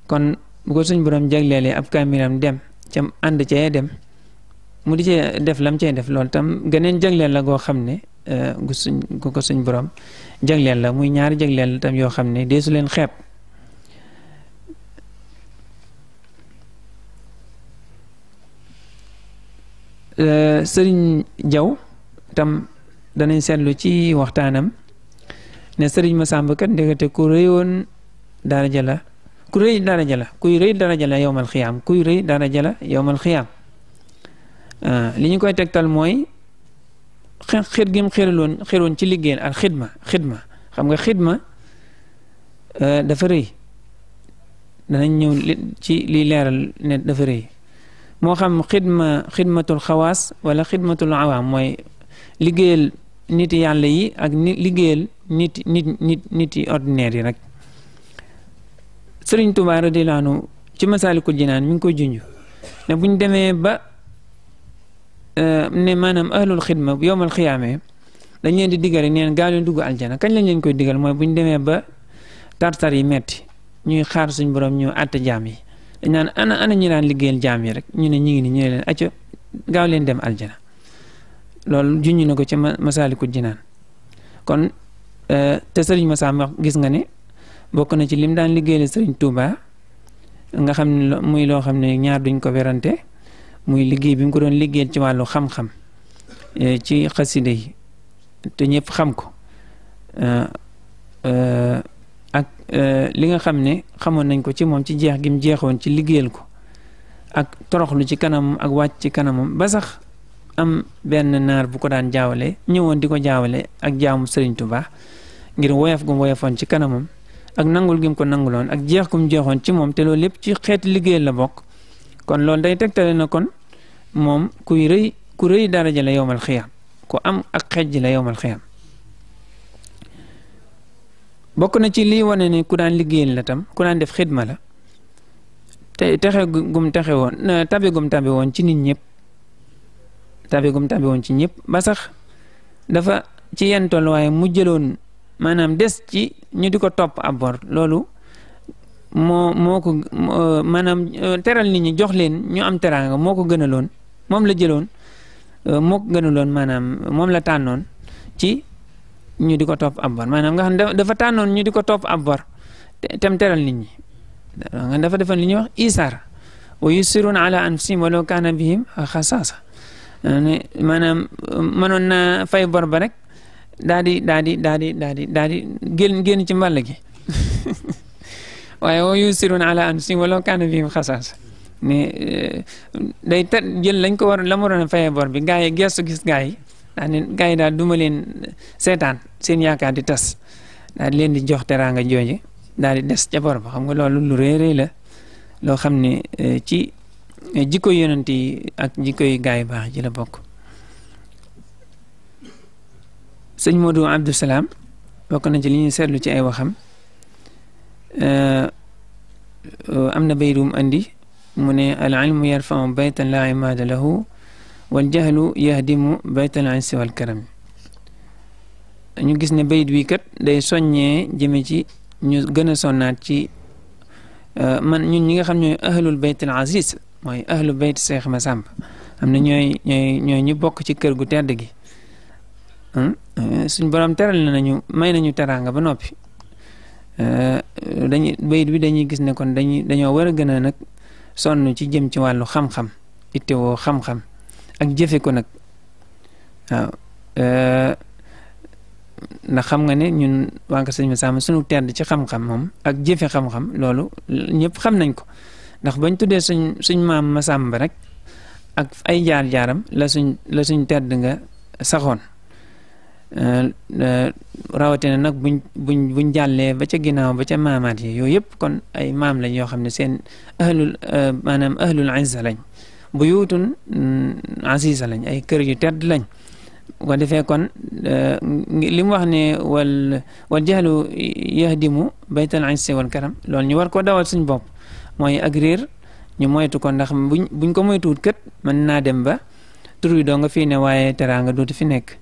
kon bu ko suñ borom jagleelee ab kaamilam dem cam ànd cee dem mu di cee def lam cee def loolu tam geneen jagleel la goo xam ne eh, gu suñ gu ko suñ borom jagleel la muy ñaari jagleel tam yoo xam ne su leen xeeb eh, sëriñ jaw tam danañ seetlu ci waxtaanam ne sëriñ Masamba kat ndekete ku réyoon daraja la ku rëy daraja la kuy rëy daraja la yowmal xiyaam kuy rëy daraja la yowmal xiyaam euh, li ñu koy tegtal mooy xir xir gi mu xiraloon xiroon ci liggéeyal ak xidma xidma xam nga xidma euh, dafa rëy danañ ñëw ci liy leeral ne dafa rëy moo xam xidma xidmatul xawaas wala xidmatul awaam mooy liggéeyal nit yàlla yi ak ni liggéeyal nit nit nit nit yi ordinaire yi rek sëriñ Tuubaa radiyallaahu anhu ci Masaalikul Jinaan mi ngi koy junj ne bu ñu demee ba eh, ne maanaam ahlul xidma bu yowmal xiyaamee dañ leen di digal rek neen gaaw dugg aljana kañ lañ leen koy digal mooy bu ñu demee ba tartar yi metti ñuy xaar suñ borom ñu àtte jaam yi dañ naan ana ana ñu daan liggéeyal jaam yi rek ñu ne ñu ngi ni ñu ne leen acca gaaw dem aljana loolu junj na ko ca Masaalikul Jinaan kon eh, te sëriñ Massamba gis nga ne bokk na ci lim daan liggéeyal sëriñ Touba nga xam ne muy loo xam ne ñaar duñ ko werante muy liggéey bi mu ko doon liggéeyal ci wàllu xam-xam e, ci xaside yi te ñëpp xam ko e, e, ak li nga xam ne xamoon nañ ko ci moom ci jeex gi mu jeexoon ci liggéeyal ko ak toroxlu ci kanamam ak wàcc ci kanamam ba sax am benn naar bu ko daan jaawale ñëwoon di ko jaawale ak jaamu sëriñ Touba ngir woyof gu woyofoon ci kanamam ak nangul gi ko nanguloon ak jeex gu jeexoon ci moom te loolu lépp ci xeet liggéeyal la bokk kon loolu day tegtale na kon moom kuy rëy ku rëy daraja la yowmal xiyaam ku am ak xeej ji la yowmal xiyaam bokk na ci lii wane ne ku daan liggéey la tam ku daan def xidma la te texe gum texe woon tabe gum tabe woon ci nit ñëpp tabe gum tabe woon ci ñëpp ba sax dafa ci yenn tolluwaay mu jëloon maanaam des ci ñu di ko topp abord loolu moo moo ko maanaam euh, teral nit ñi jox leen ñu am teraanga moo ko gënaloon moom la jëloon euh, moo ko gënaloon maanaam moom la tànnoon ci ñu di ko topp abord maanaam nga xam dafa tànnoon ñu di ko topp abord tam teral nit ñi nga dafa defal li ñuy wax isaar wa yusiruna ala anfusihim walaw kaana bihim xasaasa maanaam euh, mënoon naa fay bor ba rek daal di daal di daal di daal génn génn ci mbàll gi waaye wa yusiruun ala anfusihim walaw kaana bihim xasaasa ne eh, day ta jël lañ ko war a fayee bor bi gaa yi gestu gis gaa yi daa ne daal duma leen eh, seetaan seen yaakaar di tas daal leen di jox teraanga jooje daal di des ca bor xam nga loolu lu rëy rëy la loo xam ne eh, ci jikko yonent yi ak jikko yu yi baax ji la bokk sëñ Modou Abdou Salaam bokk na ci li ñuy seetlu ci ay waxam uh, am na bayt bu mu andi mu ne al ilmu yarfau baytan laa imaada lahu wal jahlu yahdimu baytal insi wal ñu gis ne bayt wi kat day soññee jëme ci ñu gën a sonnaat ci man ñu ñi nga xam ñooy ahlul bayt al mooy ahlu bayt Seex Masàmb am na ñooy ñooy ñu bokk ci kër gu tedd gi Eh, suñ borom teral nañu may nañu teraanga ba noppi eh, dañuy bayit bi dañuy gis ne kon dañuy dañoo war a gën a nag sonn ci jëm ci wàllu xam-xam ittewoo xam-xam ak jëfe ko nag waaw eh, ndax xam nga ne ñun waa Kër Sëñ Masamba sunu tedd ci xam-xam moom ak jëfe xam loolu ñëpp xam nañ ko ndax bañ tuddee suñ suñ maam Masamba rek ak ay jaar-jaaram la suñ la suñ tedd nga saxoon. Euh, euh, rawatina nag buñ buñ buñ jàllee ba ca ginnaaw ba ca maamaat yooyu yëpp kon ay maam lañ yoo xam ne seen ahlul euh, maanaam ahlul izza lañ buyuutun mm, aziza lañ ay kër yu tedd lañ bu ko defee kon li mu wax ne wal wal jahlu yahdimu baytal izzi wal karam loolu ñu war koo dawal suñ bopp mooy ak ñu moytu kon ndax buñ buñ ko moytuwut kët mën naa dem ba tur yi doo nga fii ne waaye teraanga dootu fi nekk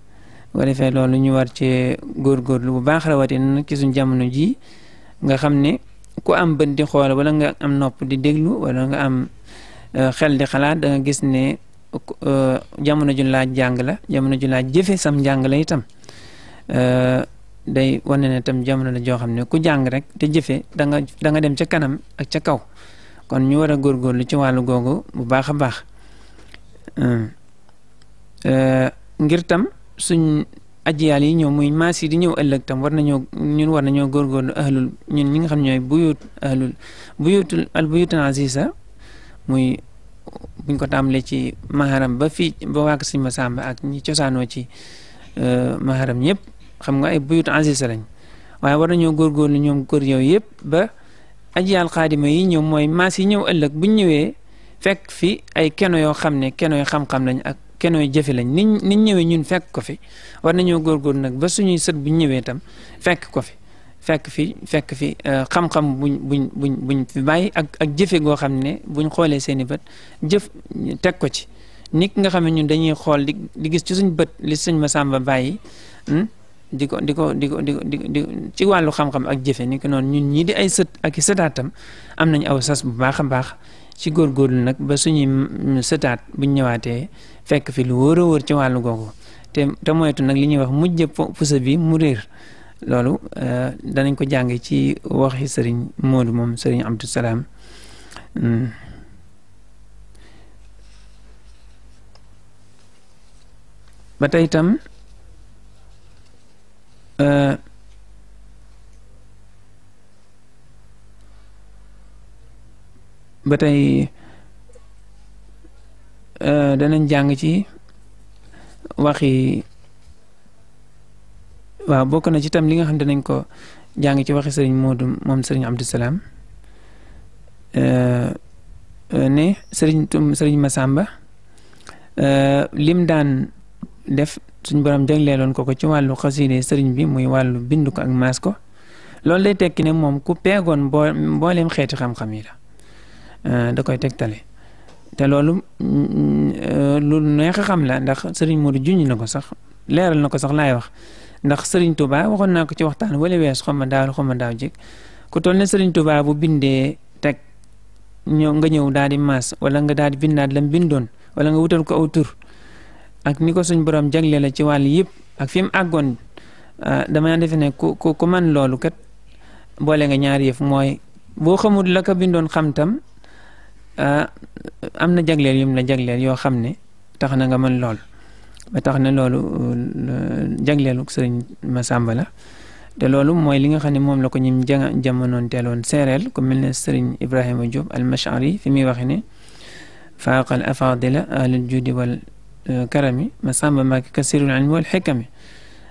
bu ko defee loolu ñu war cee góorgóorlu bu baax rawatina ci suñ jamono ji nga xam ne ku am bët di xool wala nga am nopp di déglu wala nga am euh, xel di xalaat danga gis ne euh, jamono ju laa jàng la jamono ju laaj jëfe sam njàng la itam euh, day wane ne tam jamono la joo xam ne ku jàng rek te jëfe da dem ca kanam ak ca kaw kon ñu war a góorgóorlu ci wàllu googu bu baax a baax ngir tam suñ ajiyaal yi ñëw muy maas yi di ñëw ëllëg tam war nañoo ñun war nañoo góorgóorlu ahlul ñun ñi nga xam ñooy buyut ahlul buyutul al buyutul aziza muy buñ ko tàmbalee ci maharam ba fii ba waag suñ ma sàmba ak ñi cosaanoo ci euh, maharam ñëpp xam nga ay buyut aziza lañ waaye war nañoo góorgóorlu ñoom góor yow yëpp ba ajiyaal xaadima yi ñëw mooy maas yi ñëw ëllëg buñ ñëwee fekk fi ay keno yoo xam ne keno yoo xam-xam lañ ak kenooy jëfe lañ niñ niñ ñëwee ñun fekk ko fi war nañoo góorgóor nag ba suñuy sët buñ ñëwee tam fekk ko fi fekk fi fekk fi euh, xam-xam buñ buñ buñ buñ fi bàyyi ak ak jëfe goo xam ne buñ xoolee seeni bët jëf teg ko ci nit nga xam ne ñun dañuy xool di di gis ci suñ bët li suñ sàmba bàyyi hmm, di ko di ko di ko di di di ci wàllu xam-xam ak jëfe ni ko noonu ñun ñii di ay sët ak i sëtaatam am nañ aw sas bu baax a baax ci góor góorgóorlu nag ba suñuy sëtaat buñ ñëwaatee fekk fi lu wóor a ci wàllu googu te te moytu nag li ñuy wax mujj pusa bi mu réer loolu euh, danañ ko jàng ci waxi sëriñ Moodu moom sëriñ Abdou Salaam hmm. ba tey tam euh, ba tey euh, danañ jàng ci waxi waaw bokk na ci tam li nga xam ne danañ ko jàng ci waxi sëriñ Moodu moom sëriñ Abdou Salaam euh, euh, ne sëriñ tum sëriñ Masamba lim daan def suñ borom jagleeloon ko ko ci wàllu xasiide sëriñ bi muy wàllu bind ko ak maas ko loolu day tekki ne moom ku peegoon mbooleem xeeti xam-xam yi Euh, da koy tegtale te loolu euh, lu neex xam la ndax sëriñ Modou junj na ko sax leeral na ko sax laay wax ndax sëriñ Touba waxoon naa ko ci waxtaan wala wees xam ma daaw xam ma daaw jëkk ku toll ne sëriñ Touba bu bindee teg ñëw nga ñëw daal di maas wala nga daal di bindaat lam bindoon wala nga wutal ko aw ak ni ko suñ borom jagle la ci wàll yëpp ak fi mu àggoon ah, dama defe ne ku ku ku man loolu kat boole nga ñaar yëf mooy boo xamul la ko bindoon xam tam Ah, am na jagleel yum la jagleel yoo xam ne tax na nga man lool ba tax na loolu uh, jagleelu sëriñ Masamba la te loolu mooy li nga xam ne moom la ko ñim jamonoon teeloon seereel ku mel ne sëriñ Ibrahima Diop al-Mash'ari fi muy waxe ne faaqal afaadila ahlul judi wal uh, karami Masamba Mbacké kasirul wal xikami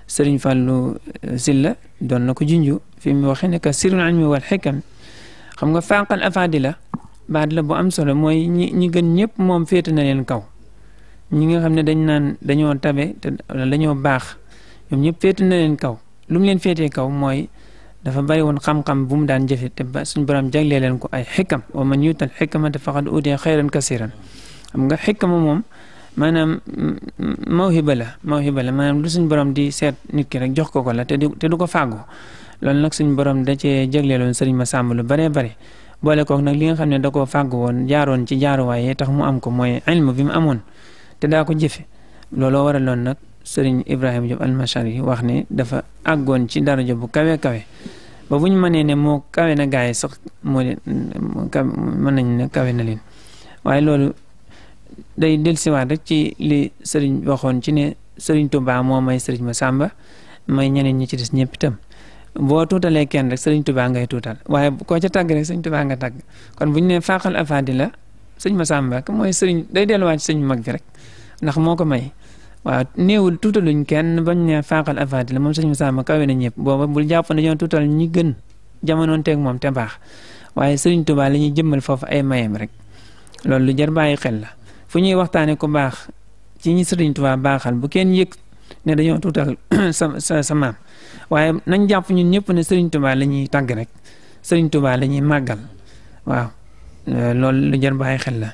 sëriñ Fallou uh, Silla doon na ko junju fi mu waxe ne kasirul ilmi wal xikami xam nga faaqal afaadila baat la bu am solo mooy ñi ñi gën ñëpp moom féete na leen kaw ñi nga xam ne dañ naan dañoo tabe te dañoo baax ñoom ñëpp féete na leen kaw lu mu leen féetee kaw mooy dafa bari woon xam-xam bu mu daan jëfe te ba suñ borom jaglee leen ko ay xikam wa man yuutal xikamata faqad uutiya xayran kasiran xam nga xikama moom maanaam mawhiba la mawhiba la maanaam lu suñ borom di seet nit ki rek jox ko ko la te du te du ko fàggu loolu nag suñ borom da cee jaglee loon sëriñ ma sàmm lu baree bare boole kook nag li nga xam ne da koo fàgg woon jaaroon ci jaaruwaay tax mu am ko mooy ilm bi mu amoon te daa ko jëfe looloo waraloon nag sëriñ Ibrahima Diop almashari wax ne dafa àggoon ci daraja bu kawe kawe ba bu ñu mënee ne moo kawe na gaay sax moo mën nañ ne kawe na leen waaye loolu day dellusiwaat rek ci li sëriñ waxoon ci ne sëriñ Touba moo may sëriñ Massamba may ñeneen ñi ci des ñëpp itam boo tuutalee kenn rek sëriñ tubaa ngay tuutal waaye koo ca tàgg rek sëriñ tubaa nga tàgg kon bu ñu nee faaxal afaadi la sëñ ma Ka mooy sëriñ day delluwaat ci sëñ mag gi rek ndax moo ko may waaw néewul tuutaluñ kenn bañ ne faaxal afaadi la moom sëñ Masamba kawe na ñëpp booba bul jàpp ne ñoo tuutal ñi gën jamonoon teeg moom te waaye sëriñ tubaa la ñuy jëmmal foofu ay mayam rek loolu lu jar bàyyi xel la fu ñuy waxtaanee ku baax ci ñi sëriñ tubaa baaxal bu kenn yëg ne dañoo tuutal sa sa maam waaye nañ jàpp ñun ñëpp ne Serigne Touba la ñuy tàgg rek Serigne Touba la màggal waaw euh, lool lu jar bàyyi la.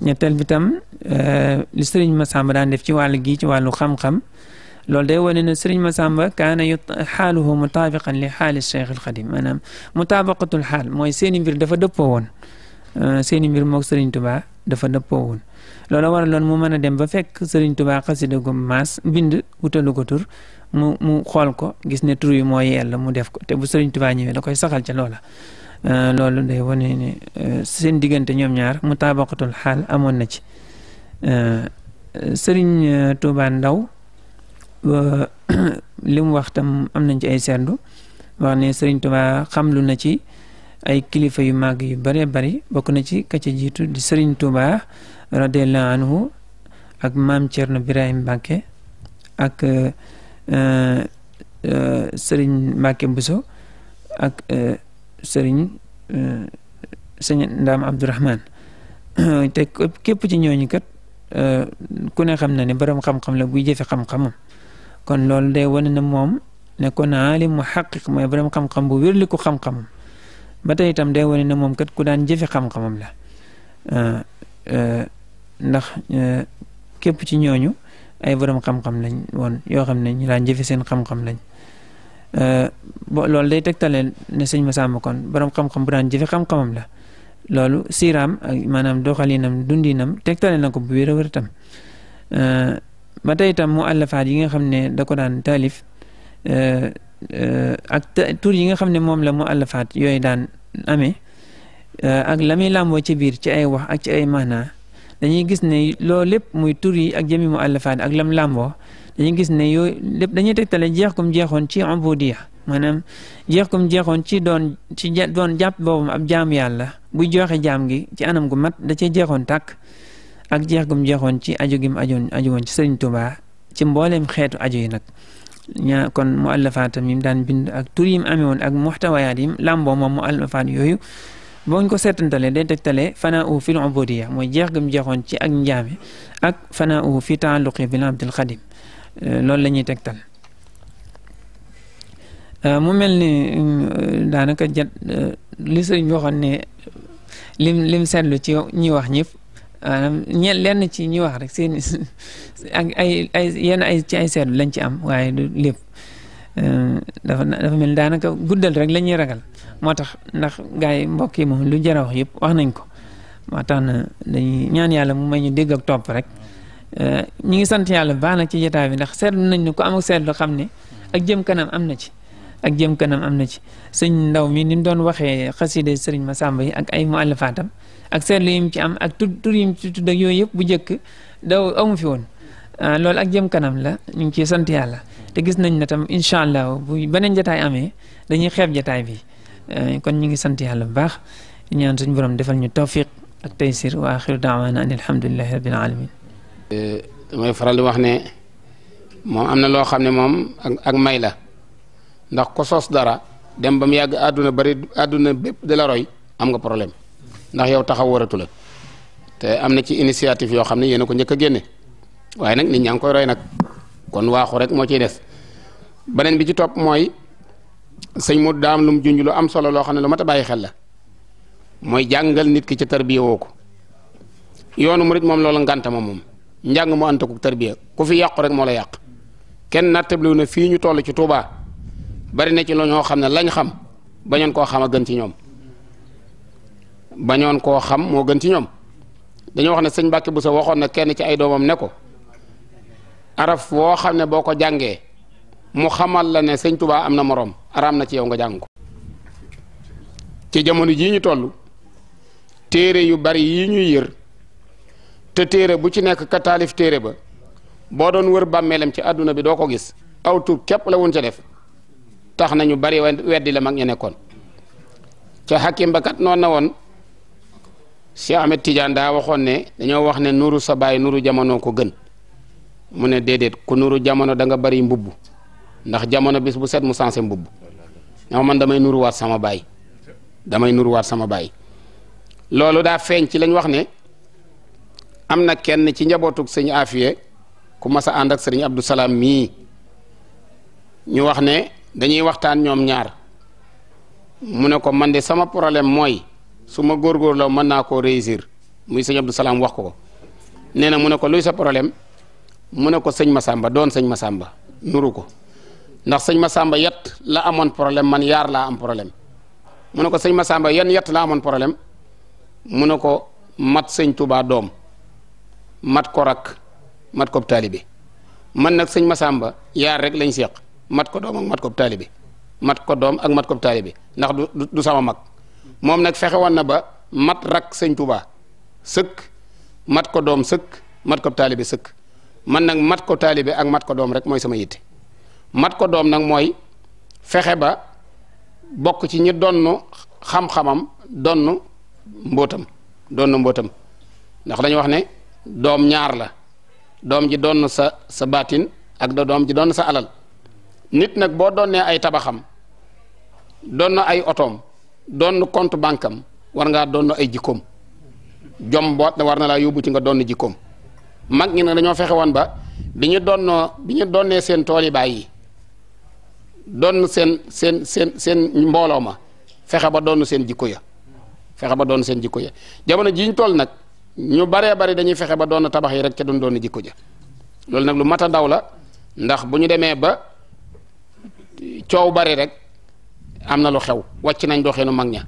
ñetteel bi tam euh, li ma samba daan def ci wàllu gi ci wàllu xam-xam loolu day wane ne Serigne Massamba kaana yu xaaluhu mutaabiqan li xaali Cheikh al Xadim maanaam mutaabaqatul xaal seeni mbir dafa dëppoo woon euh, seeni mbir moog sëriñ Touba dafa dëppoo woon. loolu waral loon mu mën a dem ba fekk Serigne Touba xasida gu mbind wutalu ko mu mu xool ko gis ne tur yi moo yell mu def ko te bu Sëriñ Tuubaa ñëwee da koy saxal ca loola euh, loolu day wone ne euh, seen diggante ñoom ñaar mu taabaqatul xaal amoon na ci euh, Sëriñ Tuubaa Ndaw li waxtam am nañ ci ay seddu wax Sëriñ Tuubaa xamlu na ci ay kilifa yu màgg yu bëree bari bokk na ci ka ca jiitu di Sëriñ Tuubaa radiallahu anhu ak maam Cerno Birahim Mbàkke ak Euh, euh, sëriñ Mbacke Bousso ak euh, sëriñ sëñ Ndaam Abdourahman te képp ci ñooñu kat ku ne xam na ne borom xam-xam la buy jëfe xam-xamam kon loolu de wane na moom ne kon aalim mu xaqiq mooy borom xam-xam bu wérli ko xam-xamam ba tey de day wane na moom kat ku daan jëfe xam-xamam la ndax képp ci ñooñu ay borom xam-xam lañ woon yoo xam ne ñu daan jëfe seen xam-xam lañ eh, bo loolu day tegtaleen ne sëñ Masamba kon borom xam-xam bu daan jëfe xam-xamam la loolu siiraam ak maanaam doxalinam dundinam tegtale na ko bu wér a wér tam eh, ba tey mu àllafaat yi nga xam ne da ko daan taalif eh, yi nga xam ne moom la mu àllafaat yooyu daan amee ak la muy làmboo ci biir ci ay wax ak ci ay maanaa dañuy gis ne loolu lépp muy tur yi ak jëmi mu àllafaat ak lam làmboo dañuy gis ne yooyu lépp dañuy tegtale jeex kum jeexoon ci ubudiya maanaam jeex kum jeexoon ci doon ci doon jàpp boobam ab jaam yàlla buy joxe jaam gi ci anam gu mat da cee jeexoon tàkk ak jeex gum jeexoon ci aju gim ajoon aju woon ci Sëriñ Tuubaa ci mboolem xeetu aju yi nag ñaa kon mu àllafaatam yim daan bind ak tur yim amee woon ak muxtawayaat yim làmboo moom mu yooyu booñ ko seetantalee day tegtalee fana u fil ubudiya mooy jeex gëm jeexoon ci ak njaame ak fana u fi taalluqi bil abdil xadim euh, loolu la ñuy tegtal euh, mu mel ni euh, daanaka jat li sëriñ waxoon ne lim lim seetlu ci ñi wax ñëpp maanaam ñeen lenn ci ñi wax rek seen ay ay yenn ay ci ay seetlu lañ ci am waaye du lépp Euh, dafa dafa mel daanaka guddal rek la ñuy ragal moo tax ndax gars yi mbokk yi moom lu jar a wax yëpp wax nañ ko moo tax na dañuy ñaan yàlla mu may ñu dégg ak topp rek euh, ñu ngi sant yàlla baax na ci jotaay bi ndax seetlu nañ ne ku amul seetlu xam ne ak jëm kanam am na ci ak jëm kanam am na ci sëñ ndaw mii ni mu doon waxee xaside sëriñ Masamba yi ak ay muallafaatam ak seetlu yi mu ci am ak tur tur yi mu ci tudd yooyu yëpp bu njëkk daw amu fi woon Euh, loolu ak jëm kanam la ñu ngi ciy sant yàlla te gis nañ ne tam incha allah bu beneen jataay amee dañuy xeeb jataay bi euh, kon ñu ngi sant yàlla bu baax di ñaan suñu borom defal ñu tawfiq ak taysir wa axiru daawaana an alhamdulilahi rabbil alamin euh, mooy faral di wax ne moom am na loo xam ne moom ak may la ndax ko sos dara dem ba mu yàgg àdduna bari àdduna bépp di am nga problème ndax yow taxaw waratu la te am na ci initiative yoo xam ne yéen a ko njëkk a génne waaye nag nit ñaa ngi koy roy nag kon waaxu rek moo ciy des beneen bi ci topp mooy sëñ mu daam lu mu junj lu am solo loo xam ne lu mat a bàyyi xel la mooy jàngal nit ki ca tarbiya woo ko yoonu murit moom loolu ngànta ma moom njàng mu ànta ko tarbiya ku fi yàqu rek moo la yàq kenn nattablu na fii ñu toll ci tuubaa bari na ci la ñoo xam ne lañ xam bañoon koo xam a gën ci ñoom bañoon koo xam moo gën ci ñoom dañoo wax ne sëñ Mbàkke bu sa waxoon na kenn ci ay doomam ne ko araf woo xam ne boo ko jàngee mu xamal la ne sëñ tubaa am na moroom araam na ci yow nga jàng ko ci jamono ji ñu toll téere yu bari yi ñuy yër te téere bu ci nekk ka taalif téere ba boo doon wër bàmmeelam ci àdduna bi doo ko gis aw tur képp la wun ca def tax nañu bari weddi la mag ña nekkoon ca xakim ba kat noonu na woon Cheikh Ahmed Tidiane daa waxoon ne dañoo wax ne nuru sa baay nuru jamono ko gën mu ne déedéet ku nuru jamono danga bari mbubb ndax jamono bis bu set mu sensé mbubb ñoo man damay waat sama baay damay nuruwaat sama baay loolu daa feeñ ci lañ wax ne am na kenn ci njabootug sëñ Afiye ku mas a ànd ak sëriñ Abdou Salaam mii ñu wax ne dañuy waxtaan ñoom ñaar mu ne ko man de sama problème mooy su ma góorgóorloo mën naa koo réussir muy sëñ Abdou Salaam wax ko ko nee na mu ne ko luy sa problème. mu ne ko sëñ Masamba doon sëñ sàmba nuru ko ndax sëñ sàmba yet la amoon problème man yaar laa am problème mu ne ko sëñ Masamba yan yat la amoon problème mu ne ko mat sëñ tubaa doom mat ko rakk mat ko taalibe man nag sëñ Masamba yaar rek lañ seq mat ko doom ak mat ko taalibe mat ko doom ak mat ko taalibe ndax du du sama mag moom nag fexe woon na ba mat rak sëñ Touba sëkk mat ko doom sëkk mat ko taalibe sëkk. man nag mat ko taalibe ak mat ko doom rek mooy sama yitte mat ko doom nag mooy fexe ba bokk ci ñi donn xam-xamam donn mbóotam donn mbóotam ndax dañu wax ne doom ñaar la doom ji donn sa sa baatin ak da doom ji donn sa alal nit nag boo donnee ay tabaxam donn ay otoom donn compte banque am war ngaa donn ay jikkoom jom boot war na laa yóbbu ci nga donn jikkoom mag ñi ne dañoo fexe woon ba bi ñu donnoo bi ñu donnee seen tool yi bàyyi donn seen seen seen seen mbooloo ma fexe ba donn seen jikko ya fexe ba doon seen jikko ya jamono ji ñu toll nag ñu baree bari dañuy fexe ba donn tabax yi rek ca doon doon jikko ja loolu nag lu mat a ndaw la ndax bu ñu demee ba coow bari rek am na lu xew wàcc nañ doxeenu mag ña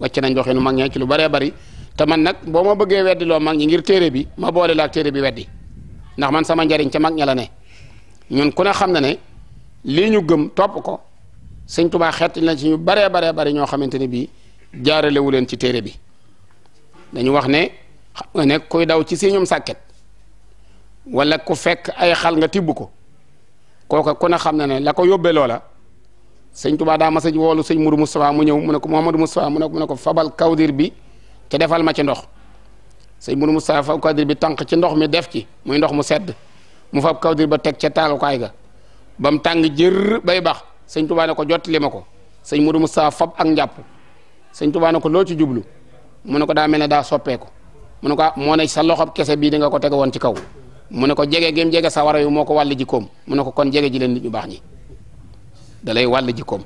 wàcc nañ doxeenu mag ña ci lu baree bari te man nag boo ma bëggee weddi loo mag ñi ngir téere bi ma boole la téere bi weddi ndax man sama njariñ ca mag ña la ne ñun ku ne xam na ne lii ñu gëm topp ko sëñ tubaa xeet na ci ñu baree baree bari ñoo xamante ne bii jaaralewu leen ci téere bi dañu wax ne ne kuy daw ci si ñoom sàkket wala ku fekk ay xal nga tibb ko kooka ku ne xam na ne la ko yóbbee loola sëñ Tuubaa daa mas a woolu mu Mourou Moustapha mu ñëw mu ne ko Mouhamadou Moustapha mu ne ko mu ne ko fabal kawdir bi ca defal ma ci ndox sëñ munu Mustafaa fab kawdir bi tànq ci ndox mi def ci muy ndox mu sedd mu fab kawdir ba teg ca taalukaay ga ba mu tàng jër bay bax sëñ Tuubaa ne ko jottali ma ko sëñ munu Mustafaa fab ak njàpp sëñ Tuubaa ne ko loo ci jublu mu ne ko daa mel ne daa soppeeku mu ne ko ah, moo ne sa loxob kese bii di nga ko teg woon ci kaw mu ne ko jege gém jege sa wara yu moo ko wàll jikkoom mu ne ko kon jege ji leen nit ñu baax ñi dalay lay wàll jikkoom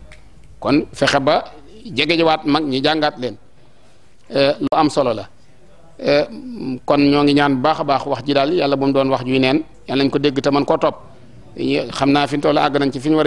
kon fexe ba jege mag ñi jàngaat leen Euh, lu am solo la euh, kon ñoo ngi ñaan baax a baax wax ji daal yàlla bu mu doon wax juy neen yàlla nañ ko dégg te man koo topp xam naa fi ñu toll ci fi ñu